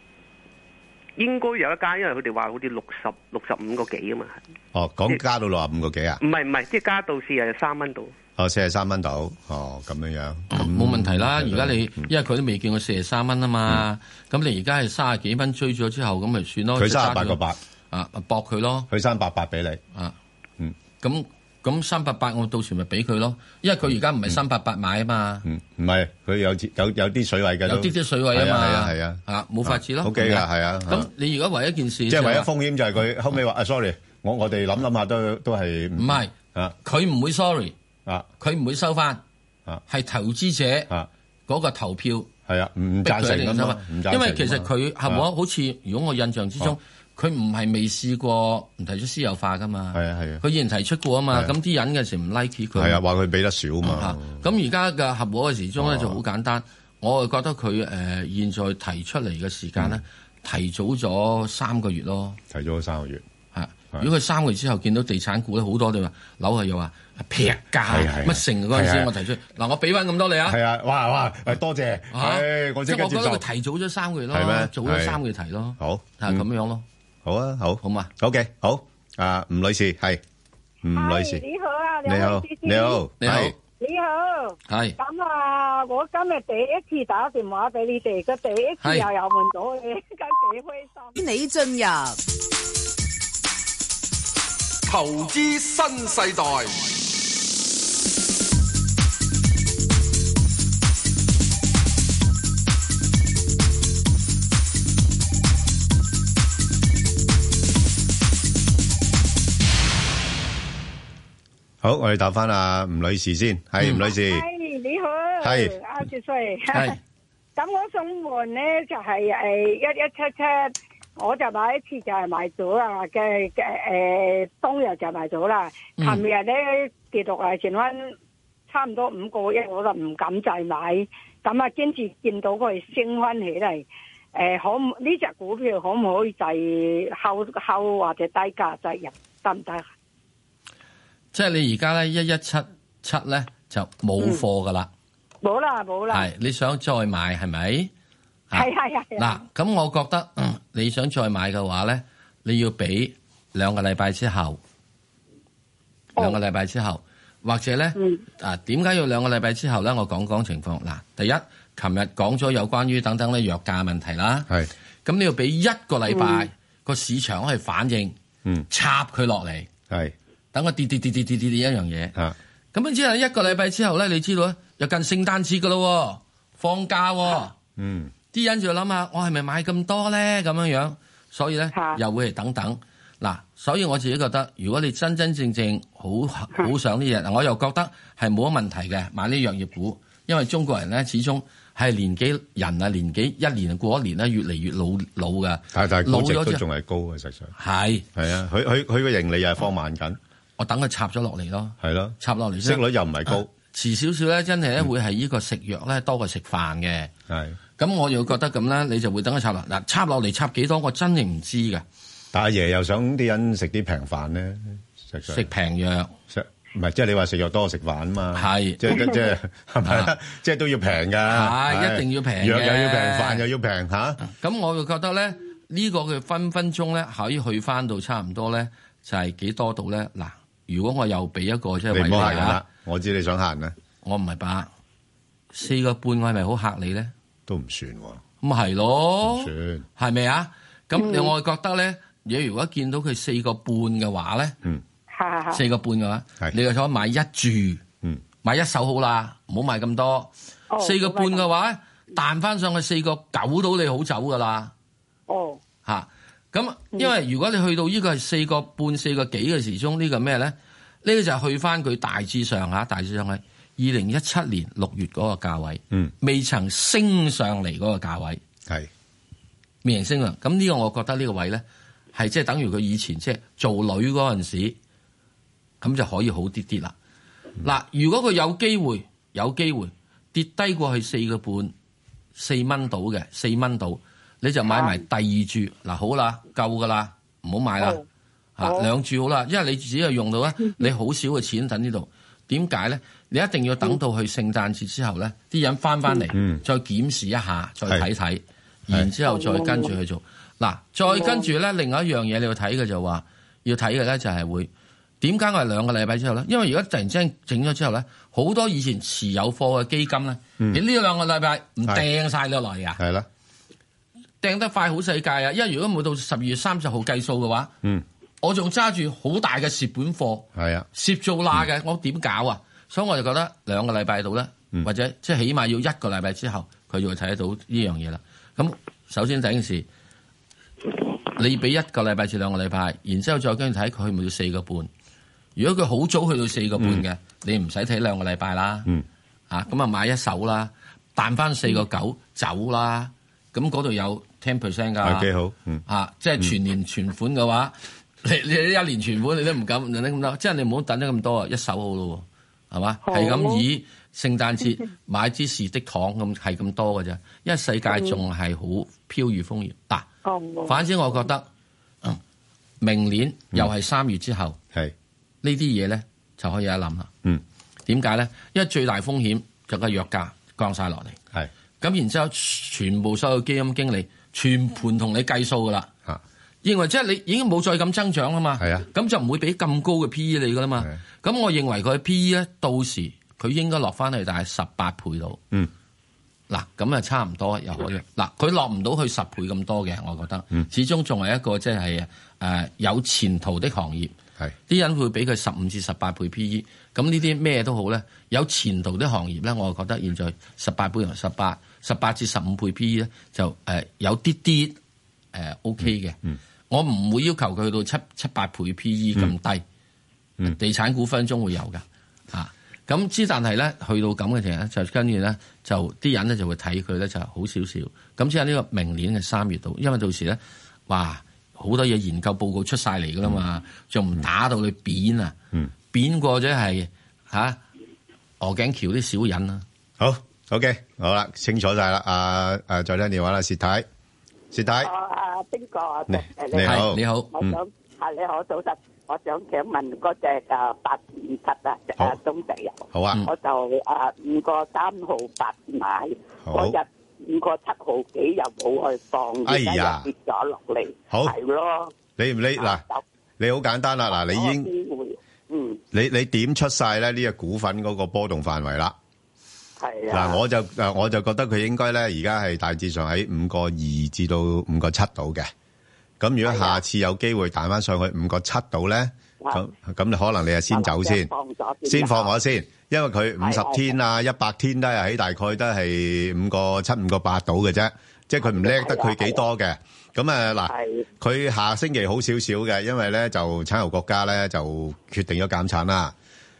應該有一加，因為佢哋話好似六十六十五個幾啊嘛。哦，講加到六十五個幾啊？唔係唔係，即係加到四啊三蚊度。哦，四啊三蚊度。哦咁樣樣，冇、嗯嗯、問題啦。而家你、嗯、因為佢都未見過四啊三蚊啊嘛，咁、嗯、你而家係三啊幾蚊追咗之後，咁咪算咯。佢三啊八個八。啊！搏佢咯，佢三百八俾你啊。嗯，咁咁三百八我到時咪俾佢咯。因為佢而家唔係三百八買啊嘛。嗯，唔係佢有有有啲水位嘅。有啲啲水位啊嘛。係啊係啊，啊。啊，冇法子咯。OK 噶係啊。咁、啊啊啊、你而家唯一一件事即、就、係、是就是、唯一風險就係佢後尾話啊，啊，sorry，我我哋諗諗下都都係唔係啊？佢唔會 sorry 會啊？佢唔會收翻啊？係投資者啊？嗰個投票係啊？唔贊成，咁唔贊成因為其實佢冚我好似如果我印象之中。啊佢唔係未試過，唔提出私有化噶嘛？係啊係啊，佢以前提出過啊嘛。咁啲人嘅時唔 like 佢，係啊，話佢俾得少啊嘛。咁而家嘅合和嘅時鐘咧、啊、就好簡單，我係覺得佢誒、呃、現在提出嚟嘅時間咧、嗯、提早咗三個月咯。提早咗三個月啊，啊！如果佢三個月之後見到地產股咧好多，你話樓係又話劈價，乜成嗰陣時我提出嗱、啊啊，我俾翻咁多你啊！係啊，哇哇，多謝！啊啊哎、我即刻接受。即係我覺得佢提早咗三個月咯，係早咗三個月提咯，啊咯啊、好係咁、就是、樣咯。嗯好啊，好，好嘛，OK，好，啊，吳女士係，吳女士，你好啊，你好，你好，你好，你好，係，咁啊，我今日第一次打電話俾你哋，個第一次又有問到你，真係開心。你進入投資新世代。好，我哋答返阿吳女士先，係吳女士，係你好，係阿杰叔，係等我送門咧，就係誒一一七七，呃、177，我就買一次就係買咗啦嘅嘅誒，當日、呃、就買咗啦，琴日咧跌落嚟，前番差唔多五個一，我就唔敢再買，咁啊堅持見到佢升翻起嚟，誒、呃、可呢隻股票可唔可以再後後或者低價係入得唔得？行即係你而家咧，一一七七咧就冇貨噶啦，冇啦冇啦。係你想再買係咪？係係嗱，咁、啊、我覺得、嗯、你想再買嘅話咧，你要俾兩個禮拜之後，兩、哦、個禮拜之後，或者咧、嗯、啊，點解要兩個禮拜之後咧？我講講情況。嗱，第一，琴日講咗有關於等等咧藥價問題啦，係咁你要俾一個禮拜個市場去反應，嗯，插佢落嚟，係。等我跌跌跌跌跌跌跌一樣嘢，咁樣之後一個禮拜之後咧，你知道咧又近聖誕節噶咯，放假，嗯，啲人就諗下，我係咪買咁多咧？咁樣樣，所以咧、啊、又會係等等。嗱，所以我自己覺得，如果你真真正正好好想呢、這、嘢、個， 我又覺得係冇乜問題嘅，買呢啲藥業股，因為中國人咧始終係年紀人年紀年年越越啊，年紀一年過一年咧，越嚟越老老㗎。但係股值都仲係高嘅，實際上係係啊，佢佢佢個盈利又係放慢緊。我等佢插咗落嚟咯，係咯，插落嚟。息率又唔係高，遲少少咧，點點真係咧會係呢個食藥咧多過食飯嘅。係、嗯、咁，我又覺得咁咧，你就會等佢插落嗱插落嚟，插幾多？我真係唔知噶。但係爺又想啲人食啲平飯咧，食食平藥，食唔係即係你話食藥多食飯啊嘛，係即係、 啊、即係係咪即係都要平噶、啊，一定要平藥又要平，飯又要平吓。咁、啊啊、我又覺得咧呢、呢個佢分分鐘咧可以去翻到差唔多咧，就係、是、幾多度咧嗱。啊如果我又俾一個即係維也納，我知你想嚇人咧。我唔係八四個半，我係咪好嚇你咧？都唔算喎、啊。咁啊係咯，唔算係咪啊？咁、嗯、你我覺得咧，你如果見到佢四個半嘅話咧，嗯，四個半嘅話哈哈，你就想以買一注，嗯，買一手好啦，唔好買咁多、哦。四個半嘅話，彈翻上去四個九到你好走噶啦。哦。咁，因為如果你去到呢個係四個半、四個幾嘅時鐘，這個、呢個咩咧？呢、這個就係去翻佢大致上下大致上係二零一七年六月嗰個價位，未曾升上嚟嗰個價位，係未人升啦。咁呢個我覺得呢個位咧，係即係等於佢以前即係、就是、做女嗰陣時，咁就可以好啲啲啦。嗱、嗯，如果佢有機會，有機會跌低過去四個半四蚊到嘅四蚊到。你就買埋第二注嗱，好啦，夠噶啦，唔好買啦，兩注好啦，因為你只係用到 呢。你好少嘅錢等呢度。點解咧？你一定要等到去聖誕節之後咧，啲人翻翻嚟，再檢視一下，再睇睇、嗯，然之後再跟住去做。嗱，再跟住咧、嗯，另外一樣嘢你要睇嘅就話、是，要睇嘅咧就係會點解我哋兩個禮拜之後咧？因為而家突然之間整咗之後咧，好多以前持有貨嘅基金咧，你呢兩個禮拜唔掟晒落嚟啊！掟得快好世界啊！因為如果每到十二月三十號計數嘅話，嗯，我仲揸住好大嘅蝕本貨，係啊，蝕做辣嘅，我點搞啊？所以我就覺得兩個禮拜度咧，或者即係起碼要一個禮拜之後，佢就會睇得到呢樣嘢啦。咁首先第一件事，你俾一個禮拜至兩個禮拜，然之後再跟住睇佢去唔要四個半。如果佢好早去到四個半嘅、嗯，你唔使睇兩個禮拜啦、嗯。啊，咁啊買一手啦，彈翻四個九走啦。咁嗰度有。ten percent 噶，幾、啊 okay，好即係、嗯啊就是、全年存款嘅話，嗯、你你一年存款你都唔敢，唔拎咁多，即、就、係、是、你唔好等得咁多啊！一手好咯，係嘛？係咁、啊、以聖誕節買支士的糖咁，係咁多嘅啫。因為世界仲係好飄如風雨嗱、啊嗯，反之我覺得，嗯、明年又係三月之後，係、嗯、呢啲嘢咧就可以一諗啦。嗯，點解咧？因為最大風險就個藥價降晒落嚟，係咁然之後，全部收到基金經理。全盤同你計數噶啦，認、啊、為即係你已經冇再咁增長㗎、啊、嘛，咁就唔會俾咁高嘅 P E 你噶啦嘛。咁我認為佢嘅 P E 咧，到時佢應該落翻去大概十八倍度。嗱、嗯，咁啊差唔多又可以。嗱、嗯，佢落唔到去十倍咁多嘅，我覺得，嗯、始終仲係一個即係誒有前途的行業。係啲人會俾佢十五至十八倍 P E，咁呢啲咩都好咧，有前途啲行業咧，我就覺得現在十八倍同十八、十八至十五倍 P E 咧，就有啲啲 O K 嘅。我唔會要求佢去到七七八倍 P E 咁低、嗯嗯。地產股份中會有嘅嚇，咁、啊、之但係咧，去到咁嘅情況，就跟住咧就啲人咧就會睇佢咧就好少少。咁之後呢個明年嘅三月度，因為到時咧話。哇好多嘢研究報告出曬嚟噶啦嘛，就唔打到佢扁啊！扁過咗係吓鵝頸橋啲小人啦。好，OK，好啦，清楚曬啦。阿阿再聽電話啦，薛太，薛太。啊，丁哥，你好，你好，我想係你好早晨，我想請問嗰隻啊八五七啊啊中石油。好啊，我就啊五個三毫八買嗰日。五個七毫幾又冇去放，哎呀，跌咗落嚟，係咯？你唔，嗱，你好，啊、簡單啦，嗱，你已經，嗯，你你點出晒咧呢個股份嗰個波動範圍啦？係啊，嗱，我就我就覺得佢應該咧，而家係大致上喺五個二至到五個七度嘅。咁如果下次有機會彈翻上去五個七度咧，咁咁你可能你啊先走先，啊放，先放我先。因為佢五十天啊，一百天都係喺大概都係五個七、五個八到嘅啫，即係佢唔叻得佢幾多嘅。咁啊嗱，佢下星期好少少嘅，因為咧就產油國家咧就決定咗減產啦。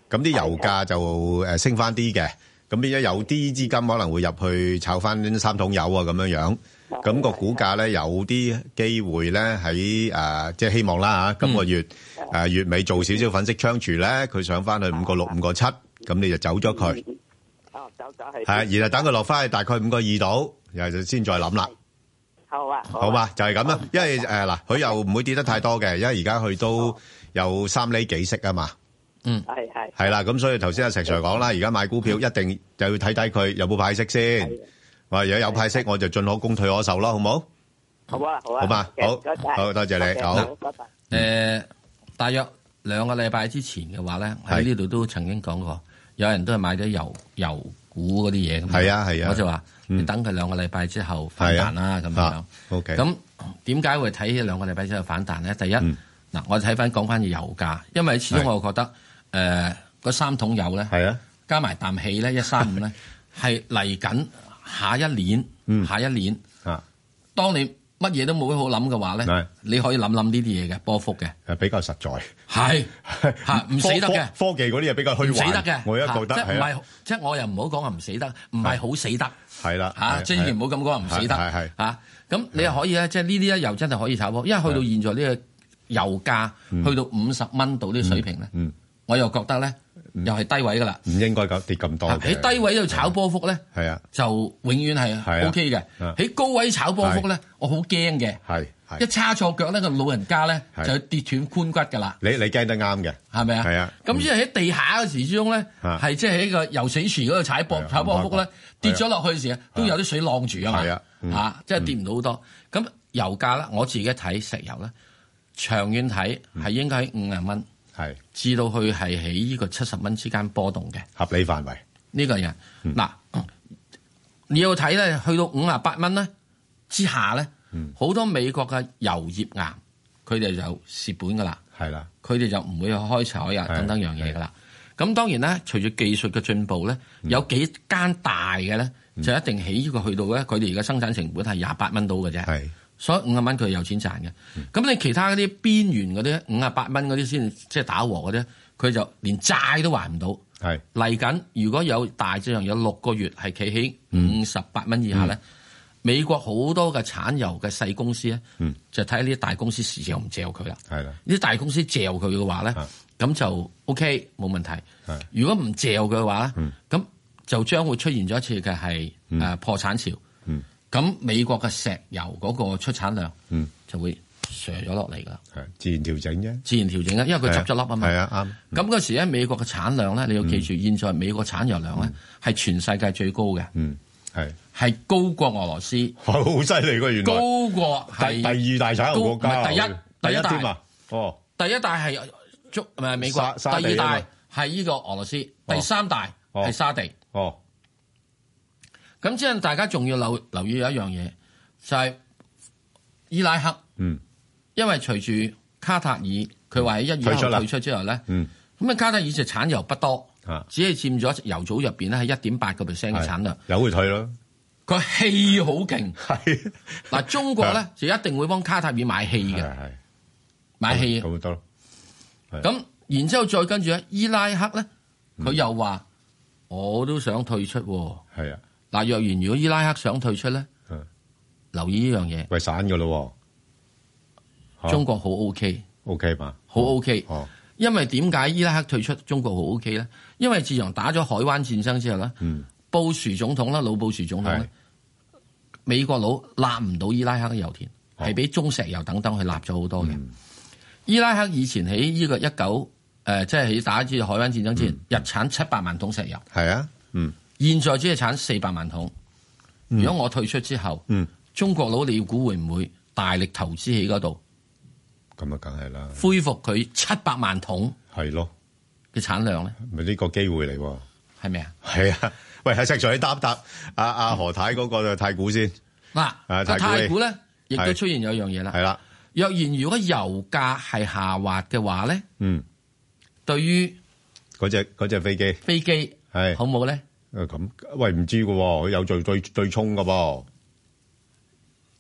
咁啲油價就誒升翻啲嘅。咁變咗有啲資金可能會入去炒翻三桶油啊，咁樣樣。咁個股價咧有啲機會咧喺誒，即係希望啦吓。今個月誒月尾做少少粉飾櫥窗咧，佢上翻去五個六、五個七。咁你就走咗佢，哦，走走係係，然後等佢落翻去大概五個二度，然後就先再諗啦。好啊，好嘛，就係咁啦。因為誒嗱，佢又唔會跌得太多嘅，因為而家佢都有三厘幾息啊嘛。嗯，係係係啦，咁所以頭先阿石 Sir 講啦，而家買股票一定就要睇睇佢有冇派息先。話如果有派息，我就進可攻退可守咯，好唔好？好啊，好啊，好嘛，好，好多謝你。好，拜拜。誒，大約兩個禮拜之前嘅話咧，喺呢度都曾經講過。有人都係買咗油油股嗰啲嘢咁，我就話、嗯：你等佢兩個禮拜之後反彈啦、啊、咁、啊、樣。Okay。咁點解會睇起兩個禮拜之後反彈咧？第一，嗱、嗯，我睇翻講翻油價，因為始終我覺得誒嗰、啊呃、三桶油咧、啊，加埋啖氣咧，一三五咧，係嚟緊下一年、嗯，下一年，啊、當你。乜嘢都冇好諗嘅話咧，你可以諗諗呢啲嘢嘅波幅嘅，比較實在，係唔 死得嘅。科技嗰啲係比較虛幻，死得嘅，我而家覺得。唔係，即係我又唔好講話唔死得，唔係好死得，係啦嚇。最緊要唔好咁講唔死得。咁你又可以咧，即係呢啲油真係可以炒波，因為去到現在呢個油價、mm、去到五十蚊度啲水平咧，mm, mm. 我又覺得咧。又係低位噶啦，唔應該咁跌咁多。喺低位度炒波幅咧，啊，就永遠係 OK 嘅。喺、啊、高位炒波幅咧、啊，我好驚嘅。一叉錯腳咧，個、啊、老人家咧、啊、就跌斷髖骨噶啦。你你驚得啱嘅，係咪啊？係、嗯、啊。咁即係喺地下嘅時之中咧，係即係喺個游水池嗰度踩波炒波幅咧，跌咗落去時都有啲水晾住啊嘛。係啊，即係、啊啊啊啊啊嗯啊、跌唔到好多。咁、嗯、油價啦，我自己睇石油咧，長遠睇係、嗯、應該喺五十蚊。係至到去係喺呢個七十蚊之間波動嘅合理範圍。呢、這個人嗱、嗯，你要睇咧，去到五十八蚊咧之下咧，好、嗯、多美國嘅油業巖，佢哋就蝕本噶啦。係啦，佢哋就唔會去開採啊等等樣嘢噶啦。咁當然咧，隨住技術嘅進步咧、嗯，有幾間大嘅咧，就一定起呢、這個去到咧，佢哋而家生產成本係廿八蚊到嘅啫。是所以五啊蚊佢係有錢賺嘅，咁、嗯、你其他嗰啲邊緣嗰啲五啊八蚊嗰啲先即係打和嗰啲，佢就連債都還唔到。係，嚟緊如果有大致上有六個月係企喺五十八蚊以下咧、嗯嗯，美國好多嘅產油嘅細公司咧、嗯，就睇下呢啲大公司是否唔借佢啦。係啦，呢啲大公司借佢嘅話咧，咁就 OK 冇問題。係，如果唔借佢嘅話，咁、嗯、就將會出現咗一次嘅係、嗯啊、破產潮。咁美國嘅石油嗰個出產量、嗯、產量，嗯，就會少咗落嚟噶啦，係自然調整啫，自然調整啦，因為佢執咗笠啊嘛，係啊，啱。咁嗰時咧，美國嘅產量咧，你要記住，現在美國產油量咧係全世界最高嘅，嗯，係係高過俄羅斯，好犀利個原來，高過係 第，第二大產油國家，第一第一，第一大，哦，第一大係足唔係美國，第二大係呢個俄羅斯、哦，第三大係沙地，哦。哦。咁之後，大家仲要留留意有一樣嘢，就係、是、伊拉克、嗯，因為隨住卡塔爾佢話喺一月退出之後咧，咁啊、嗯、卡塔爾就產油不多，啊、只係佔咗油組入邊咧係一點八個 percent 嘅產量，油會退咯。佢氣好勁，嗱、啊、中國咧、啊、就一定會幫卡塔爾買氣嘅、啊啊，買氣咁多。咁、啊啊、然之後再跟住咧，伊拉克咧佢又話、嗯、我都想退出，係啊。嗱，若然如果伊拉克想退出咧、嗯，留意呢樣嘢，係散噶咯。中國好 O K，O K 嘛，好 O K。因為點解伊拉克退出中國好 O K 咧？因為自從打咗海灣戰爭之後咧、嗯，布殊總統啦，老布殊總統呢，美國佬納唔到伊拉克嘅油田，係、哦、俾中石油等等去納咗好多嘅、嗯。伊拉克以前喺呢個一九誒，即係喺打一次海灣戰爭之前、嗯，日產七百萬桶石油。係啊，嗯。現在只係產四百萬桶、嗯，如果我退出之後，嗯、中國佬，你要估會唔會大力投資喺嗰度？咁啊，梗係啦！恢復佢七百萬桶，係咯嘅產量咧，咪、嗯嗯嗯、呢個機會嚟？係咪啊？係啊！喂，喺、啊、石才，你答一答？阿阿何太嗰個就太古先嗱，太古咧，亦都出現有一樣嘢啦。係啦，若然如果油價係下滑嘅話咧，嗯，對於嗰隻隻飛機，飛機係好冇咧？誒，咁喂，唔知噶，佢有對對對沖噶噃，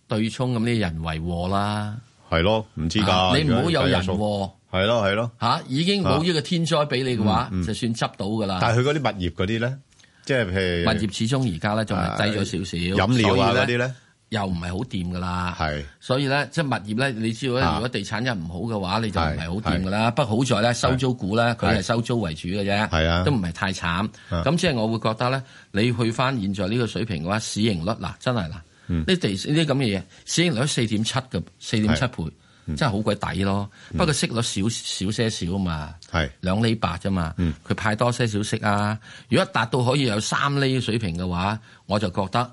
對沖咁啲人為禍啦，係咯，唔知噶、啊，你唔好有人禍、啊，係咯係咯，吓、啊、已經冇呢個天災俾你嘅話、嗯，就算執到噶啦、啊嗯嗯。但係佢嗰啲物業嗰啲咧，即係譬如物業始終而家咧仲係低咗少少，飲、啊、料啊嗰啲咧。又唔係好掂噶啦，所以咧即係物業咧，你知道咧，如果地產一唔好嘅話，你就唔係好掂噶啦。不過好在咧，收租股咧，佢係收租為主嘅啫、啊，都唔係太慘。咁、啊、即係我會覺得咧，你去翻現在呢個水平嘅話，市盈率嗱真係嗱，呢地呢啲咁嘅嘢市盈率四點七嘅四點七倍，真係好鬼抵咯。不過息率少少些少啊嘛，兩厘八啫嘛，佢、嗯、派多些少息啊。如果達到可以有三厘水平嘅話，我就覺得。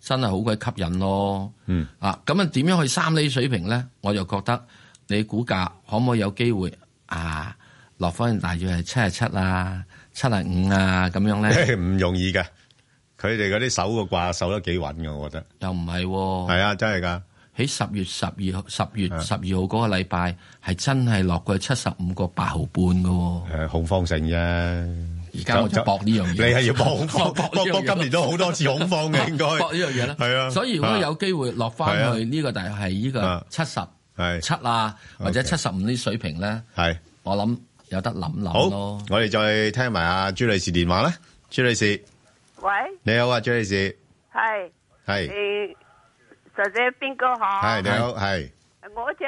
真係好鬼吸引咯，嗯、啊咁啊點樣去三釐水平咧？我就覺得你股價可唔可以有機會啊落翻大約係七十七啊、七十五啊咁樣咧？唔 容易㗎。佢哋嗰啲手嘅掛守得幾穩㗎。我覺得。又唔係喎。係啊，真係㗎！喺十月十二、十月十二號嗰個禮拜係真係落過七十五個八毫半㗎喎。誒、呃，恐慌性啫。而家我就搏呢樣嘢，你係要搏，搏搏搏！今年都好多次恐慌嘅，應該搏呢樣嘢咧，係啊，所以如果有機會落翻去呢個，但係呢個七十七啊，或者七十五啲水平咧，係我諗有得諗諗咯。好，我哋再聽埋阿朱女士電話咧，朱女士，喂，你好啊，朱女士，係係，小姐邊個嚇？係你好，係。我只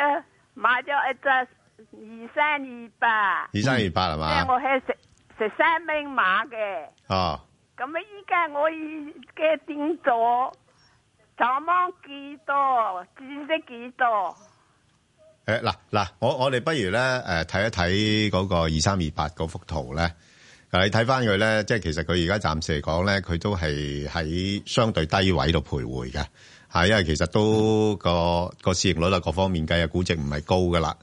買咗一隻二三二八，二三二八係嘛？我係食。係三名碼嘅，咁你依家我已嘅點咗，賺翻幾多？市值幾多？誒、啊，嗱、啊、嗱，我我哋不如咧，誒、呃，睇一睇嗰個二三二八嗰幅圖咧、啊。你睇翻佢咧，即係其實佢而家暫時嚟講咧，佢都係喺相對低位度徘徊嘅、啊，因為其實都個個市盈率啦，各方面計啊，估值唔係高噶啦。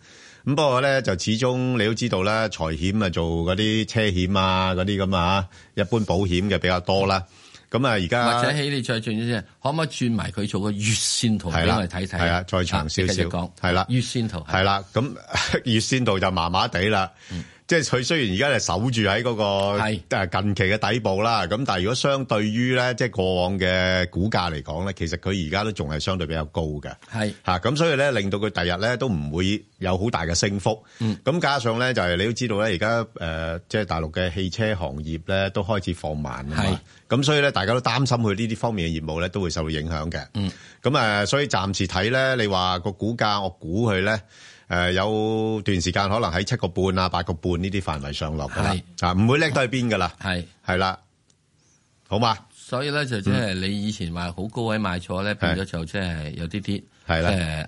咁不過咧，就始終你都知道啦，財險啊做嗰啲車險啊嗰啲咁啊，一般保險嘅比較多啦。咁啊，而家或者起，你再轉轉先，可唔可以轉埋佢做個月線圖嚟睇睇？係啊，再長少少。係啦，月線圖係啦。咁月線圖就麻麻地啦。即係佢雖然而家係守住喺嗰個係近期嘅底部啦，咁但係如果相對於咧，即係過往嘅股價嚟講咧，其實佢而家都仲係相對比較高嘅係嚇，咁所以咧令到佢第日咧都唔會有好大嘅升幅。嗯，咁加上咧就係你都知道咧，而家誒即係大陸嘅汽車行業咧都開始放慢啊嘛。係，咁所以咧大家都擔心佢呢啲方面嘅業務咧都會受到影響嘅。嗯，咁誒，所以暫時睇咧，你話個股價，我估佢咧。誒，有段時間可能喺七個半啊，八個半呢啲範圍上落噶啦，啊唔會叻到去邊噶啦，係係啦，好嘛？所以咧就即係你以前話好高位買錯咧，變咗就即係有啲啲，即係誒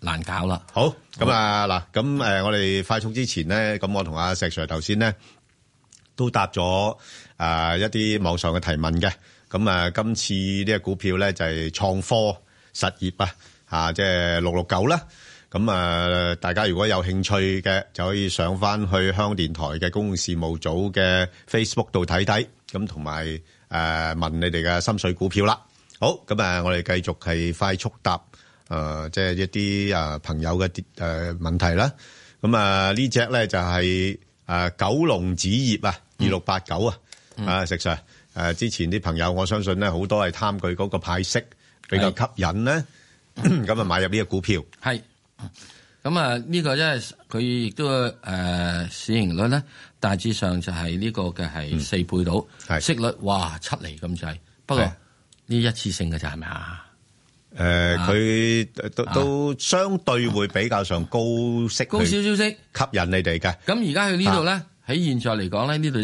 難搞啦。好咁啊嗱，咁誒我哋快速之前咧，咁我同阿石 Sir 頭先咧都答咗誒一啲網上嘅提問嘅，咁啊今次呢個股票咧就係創科實業啊，吓即係六六九啦。咁啊，大家如果有興趣嘅，就可以上返去香港電台嘅公共事務組嘅 Facebook 度睇睇，咁同埋誒問你哋嘅心水股票啦。好，咁啊，我哋繼續係快速答，誒，即係一啲誒朋友嘅誒問題啦。咁啊，呢隻咧就係誒九龍紙業啊，二六八九啊，啊石 Sir，誒之前啲朋友，我相信咧好多係貪佢嗰個派息比較吸引咧，咁啊買入呢隻股票係。咁、嗯、啊，個就是呃、呢個即係佢亦都誒市盈率咧，大致上就係呢個嘅係四倍到、嗯、息率，哇七厘咁滯。不過呢一次性嘅就係、是、咪、呃、啊？誒，佢都，都相對會比較上高息高少少息吸引你哋嘅。咁而家去呢度咧，喺、嗯、現在嚟講咧，呢、啊、度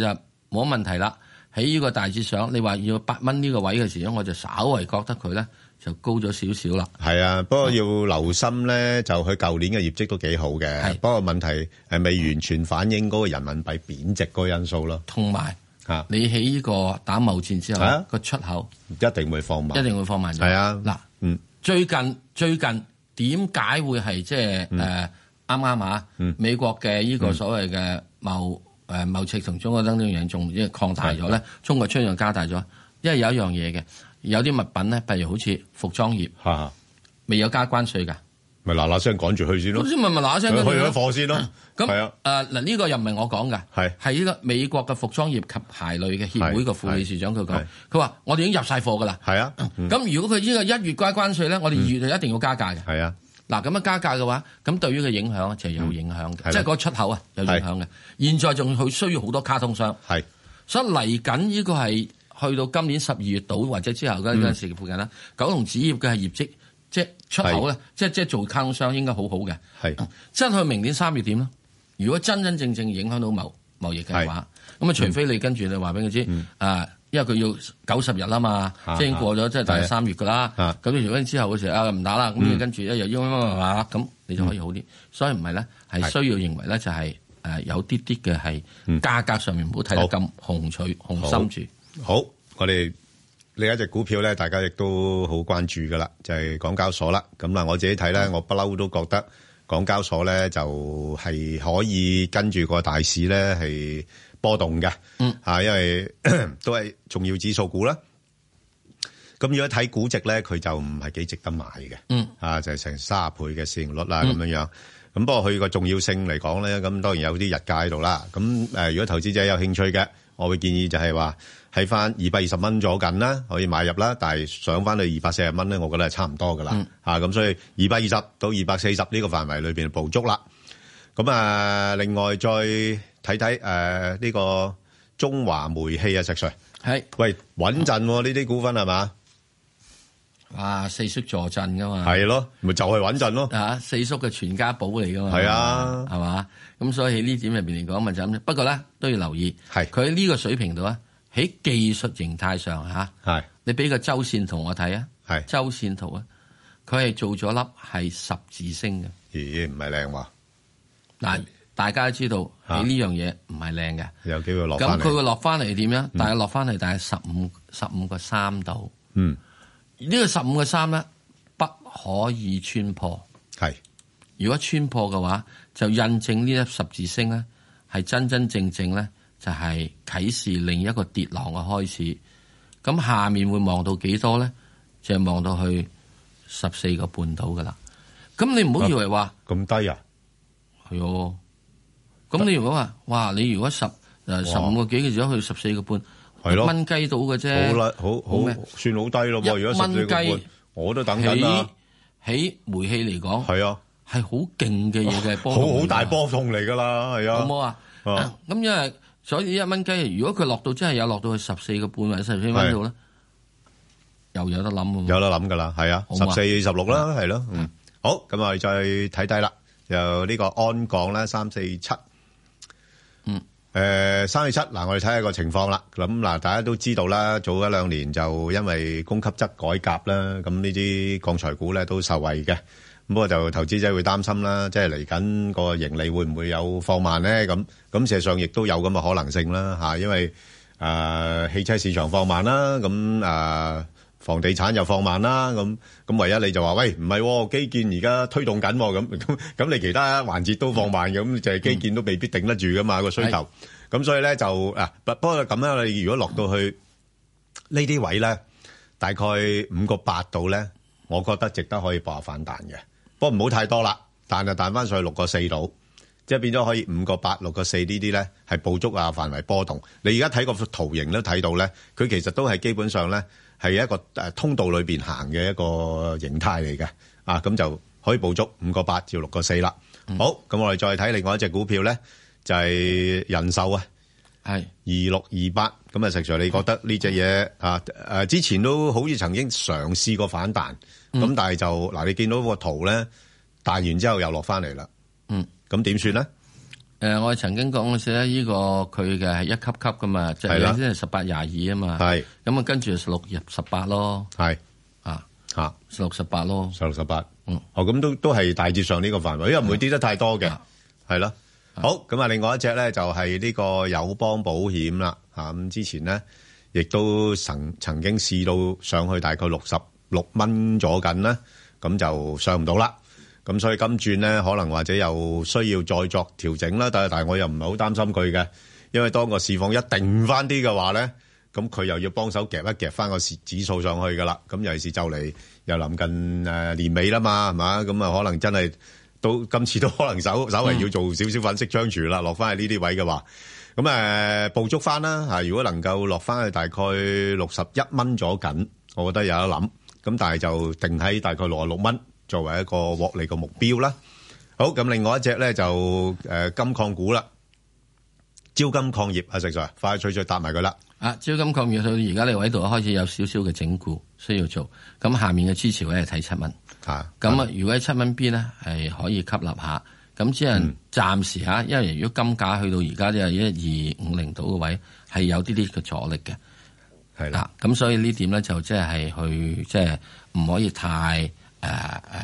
就冇問題啦。喺呢個大致上，你話要八蚊呢個位嘅時候，我就稍微覺得佢咧。就高咗少少啦。係啊，不過要留心咧，就佢舊年嘅業績都幾好嘅。不過問題係未完全反映嗰個人民幣貶值嗰個因素咯。同埋、啊、你喺呢個打貿戰之後，個、啊、出口一定會放慢，一定會放慢。係啊，嗱、啊，嗯，最近最近點解會係即係誒啱啱啊、嗯、美國嘅呢個所謂嘅貿誒、嗯嗯、貿赤同中國爭呢樣嘢，仲即係擴大咗咧？中國出樣加大咗，因為有一樣嘢嘅。有啲物品咧，譬如好似服裝業，吓未有加關稅噶，咪嗱嗱聲趕住去先咯。咁先咪咪嗱嗱聲去咗貨先咯。咁係啊，嗱呢、啊啊啊呢個又唔係我講噶，係呢個美國嘅服裝業及鞋類嘅協會個副理事長佢講，佢話我哋已經入晒貨噶啦。係啊，咁、嗯、如果佢呢個一月加關稅咧，我哋二月就一定要加價嘅。係、嗯、啊，嗱咁樣加價嘅話，咁對於個影響就有影響嘅、嗯啊，即係嗰出口啊有影響嘅。現在仲佢需要好多卡通商，係，所以嚟緊呢個係。去到今年十二月度或者之後嘅嗰陣時附近啦、嗯，九龍紙業嘅係業績即係出口咧，即係即係做貿商應該好好嘅。即真去明年三月點咯？如果真真正正影響到貿貿易嘅話，咁啊、嗯，除非你跟住你話俾佢知啊，因為佢要九十日啦嘛，啊、即係過咗即係大概三月噶啦。咁如果之後嘅時候啊唔打啦，咁、嗯、你跟住一又陰陰係嘛，咁你就可以好啲。所以唔係咧，係需要認為咧，就係誒有啲啲嘅係價格上面唔、嗯嗯、好睇得咁紅取紅心住。好，我哋另一隻股票咧，大家亦都好關注噶啦，就係、是、港交所啦。咁我自己睇咧，我不嬲都覺得港交所咧就係、是、可以跟住個大市咧係波動嘅，嗯、啊、因為咳咳都係重要指數股啦。咁如果睇估值咧，佢就唔係幾值得買嘅，嗯啊，就係成三十倍嘅市盈率啦，咁、嗯、樣樣。咁不過佢個重要性嚟講咧，咁當然有啲日價喺度啦。咁誒，如果投資者有興趣嘅，我會建議就係話。喺翻二百二十蚊左近啦，可以買入啦。但係上翻去二百四十蚊咧，我覺得係差唔多噶啦。嚇咁，所以二百二十到二百四十呢個範圍裏邊就捕捉啦。咁啊，另外再睇睇誒呢個中華煤氣啊，石穗係喂穩陣喎、啊，呢、哦、啲股份係嘛、啊就是啊？啊，四叔助陣噶嘛？係咯，咪就係穩陣咯。嚇，四叔嘅全家寶嚟噶嘛？係啊，係嘛、啊？咁所以呢點入邊嚟講咪就咁。不過咧都要留意，係佢喺呢個水平度啊。喺技術形態上嚇，你俾個周線圖我睇啊，周線圖啊，佢係做咗粒係十字星嘅，咦唔係靚喎？嗱，大家都知道喺呢、啊、樣嘢唔係靚嘅，有機會落咁佢會落翻嚟點咧？大係落翻嚟，大概十五十五個三度，嗯，呢、嗯呢個十五個三咧不可以穿破，係。如果穿破嘅話，就印證呢粒十字星咧係真真正正咧。就係、是、啟示另一個跌浪嘅開始，咁下面會望到幾多咧？就係、是、望到去十四個半度㗎啦。咁你唔好以為話咁、啊、低啊，係喎。咁你如果話，哇！你如果十十五個幾嘅時候去十四個半，蚊雞到嘅啫。好啦，好好算好低咯。如果蚊雞我都等緊啊！喺煤氣嚟講，係啊，係好勁嘅嘢嘅，好 好大波動嚟噶啦，係啊，好冇啊。啊，咁因為。所以一蚊雞，如果佢落到真係有落到去十四個半或者十四蚊度咧，又有得諗嘅。有得諗噶啦，係啊，十四十六啦，係咯，嗯，好，咁我哋再睇低啦。就呢個鞍鋼啦，三四七，嗯，誒，三四七嗱，我哋睇下個情況啦。咁嗱，大家都知道啦，早一兩年就因為供給側改革啦，咁呢啲鋼材股咧都受惠嘅。咁不過就投資者會擔心啦，即係嚟緊個盈利會唔會有放慢咧？咁咁，事實上亦都有咁嘅可能性啦，嚇，因為啊汽車市場放慢啦，咁啊房地產又放慢啦，咁咁唯一你就話喂，唔係喎，基建而家推動緊，咁咁咁你其他環節都放慢嘅，咁就係基建都未必頂得住噶嘛個需求，咁所以咧就啊不過咁樣，你如果落到去呢啲位咧，大概五個八度咧，我覺得值得可以博吓反彈嘅。不過唔好太多啦，彈就彈，彈翻上去六個四度，即係變咗可以五個八、六個四呢啲咧，係捕捉啊範圍波動。你而家睇個圖形都睇到咧，佢其實都係基本上咧係一個誒通道裏邊行嘅一個形態嚟嘅，啊咁就可以捕捉五個八至六個四啦。好，咁我哋再睇另外一隻股票咧，就係人壽啊。係二六二八，咁啊實在你覺得呢隻嘢啊誒、啊，之前都好似曾經嘗試過反彈，咁、嗯、但係就嗱，你見到個圖咧，彈完之後又落翻嚟啦。嗯，咁點算咧？誒、呃，我曾經講過先啦，呢、這個佢嘅係一級級噶嘛，即係先係十八廿二啊嘛。係咁、嗯、啊，跟住就十六入十八咯。係啊十六十八咯，十六十八。哦，咁都都係大致上呢個範圍，因為唔會跌得太多嘅，係啦。好，咁啊，另外一隻咧，就係呢個友邦保險啦。嚇，咁之前咧，亦都曾曾經試到上去大概六十六蚊左近啦，咁就上唔到啦。咁所以今轉咧，可能或者又需要再作調整啦。但係但係我又唔係好擔心佢嘅，因為當個市況一定翻啲嘅話咧，咁佢又要幫手夾一夾翻個指數上去噶啦。咁尤其是就嚟又臨近誒年尾啦嘛係嘛，咁啊可能真係～到今次都可能稍稍為要做少少粉飾張住啦，落翻喺呢啲位嘅話，咁誒捕捉翻啦。如果能夠落翻去大概六十一蚊左近，我覺得有得諗。咁但係就定喺大概六啊六蚊作為一個獲利嘅目標啦。好，咁另外一隻咧就誒、呃、金礦股啦，招金礦業啊，Sir 快脆脆答埋佢啦。啊，招金礦業到而家呢位度開始有少少嘅整固需要做，咁下面嘅支持位係睇七蚊。咁啊，啊如果喺七蚊邊咧，係可以吸納下，咁只能暫時吓、嗯，因為如果金價去到而家即係一二五零度嘅位，係有啲啲嘅阻力嘅，係啦，咁、啊、所以點呢點咧就即係去即係唔可以太誒誒誒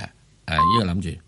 呢個諗住。啊啊啊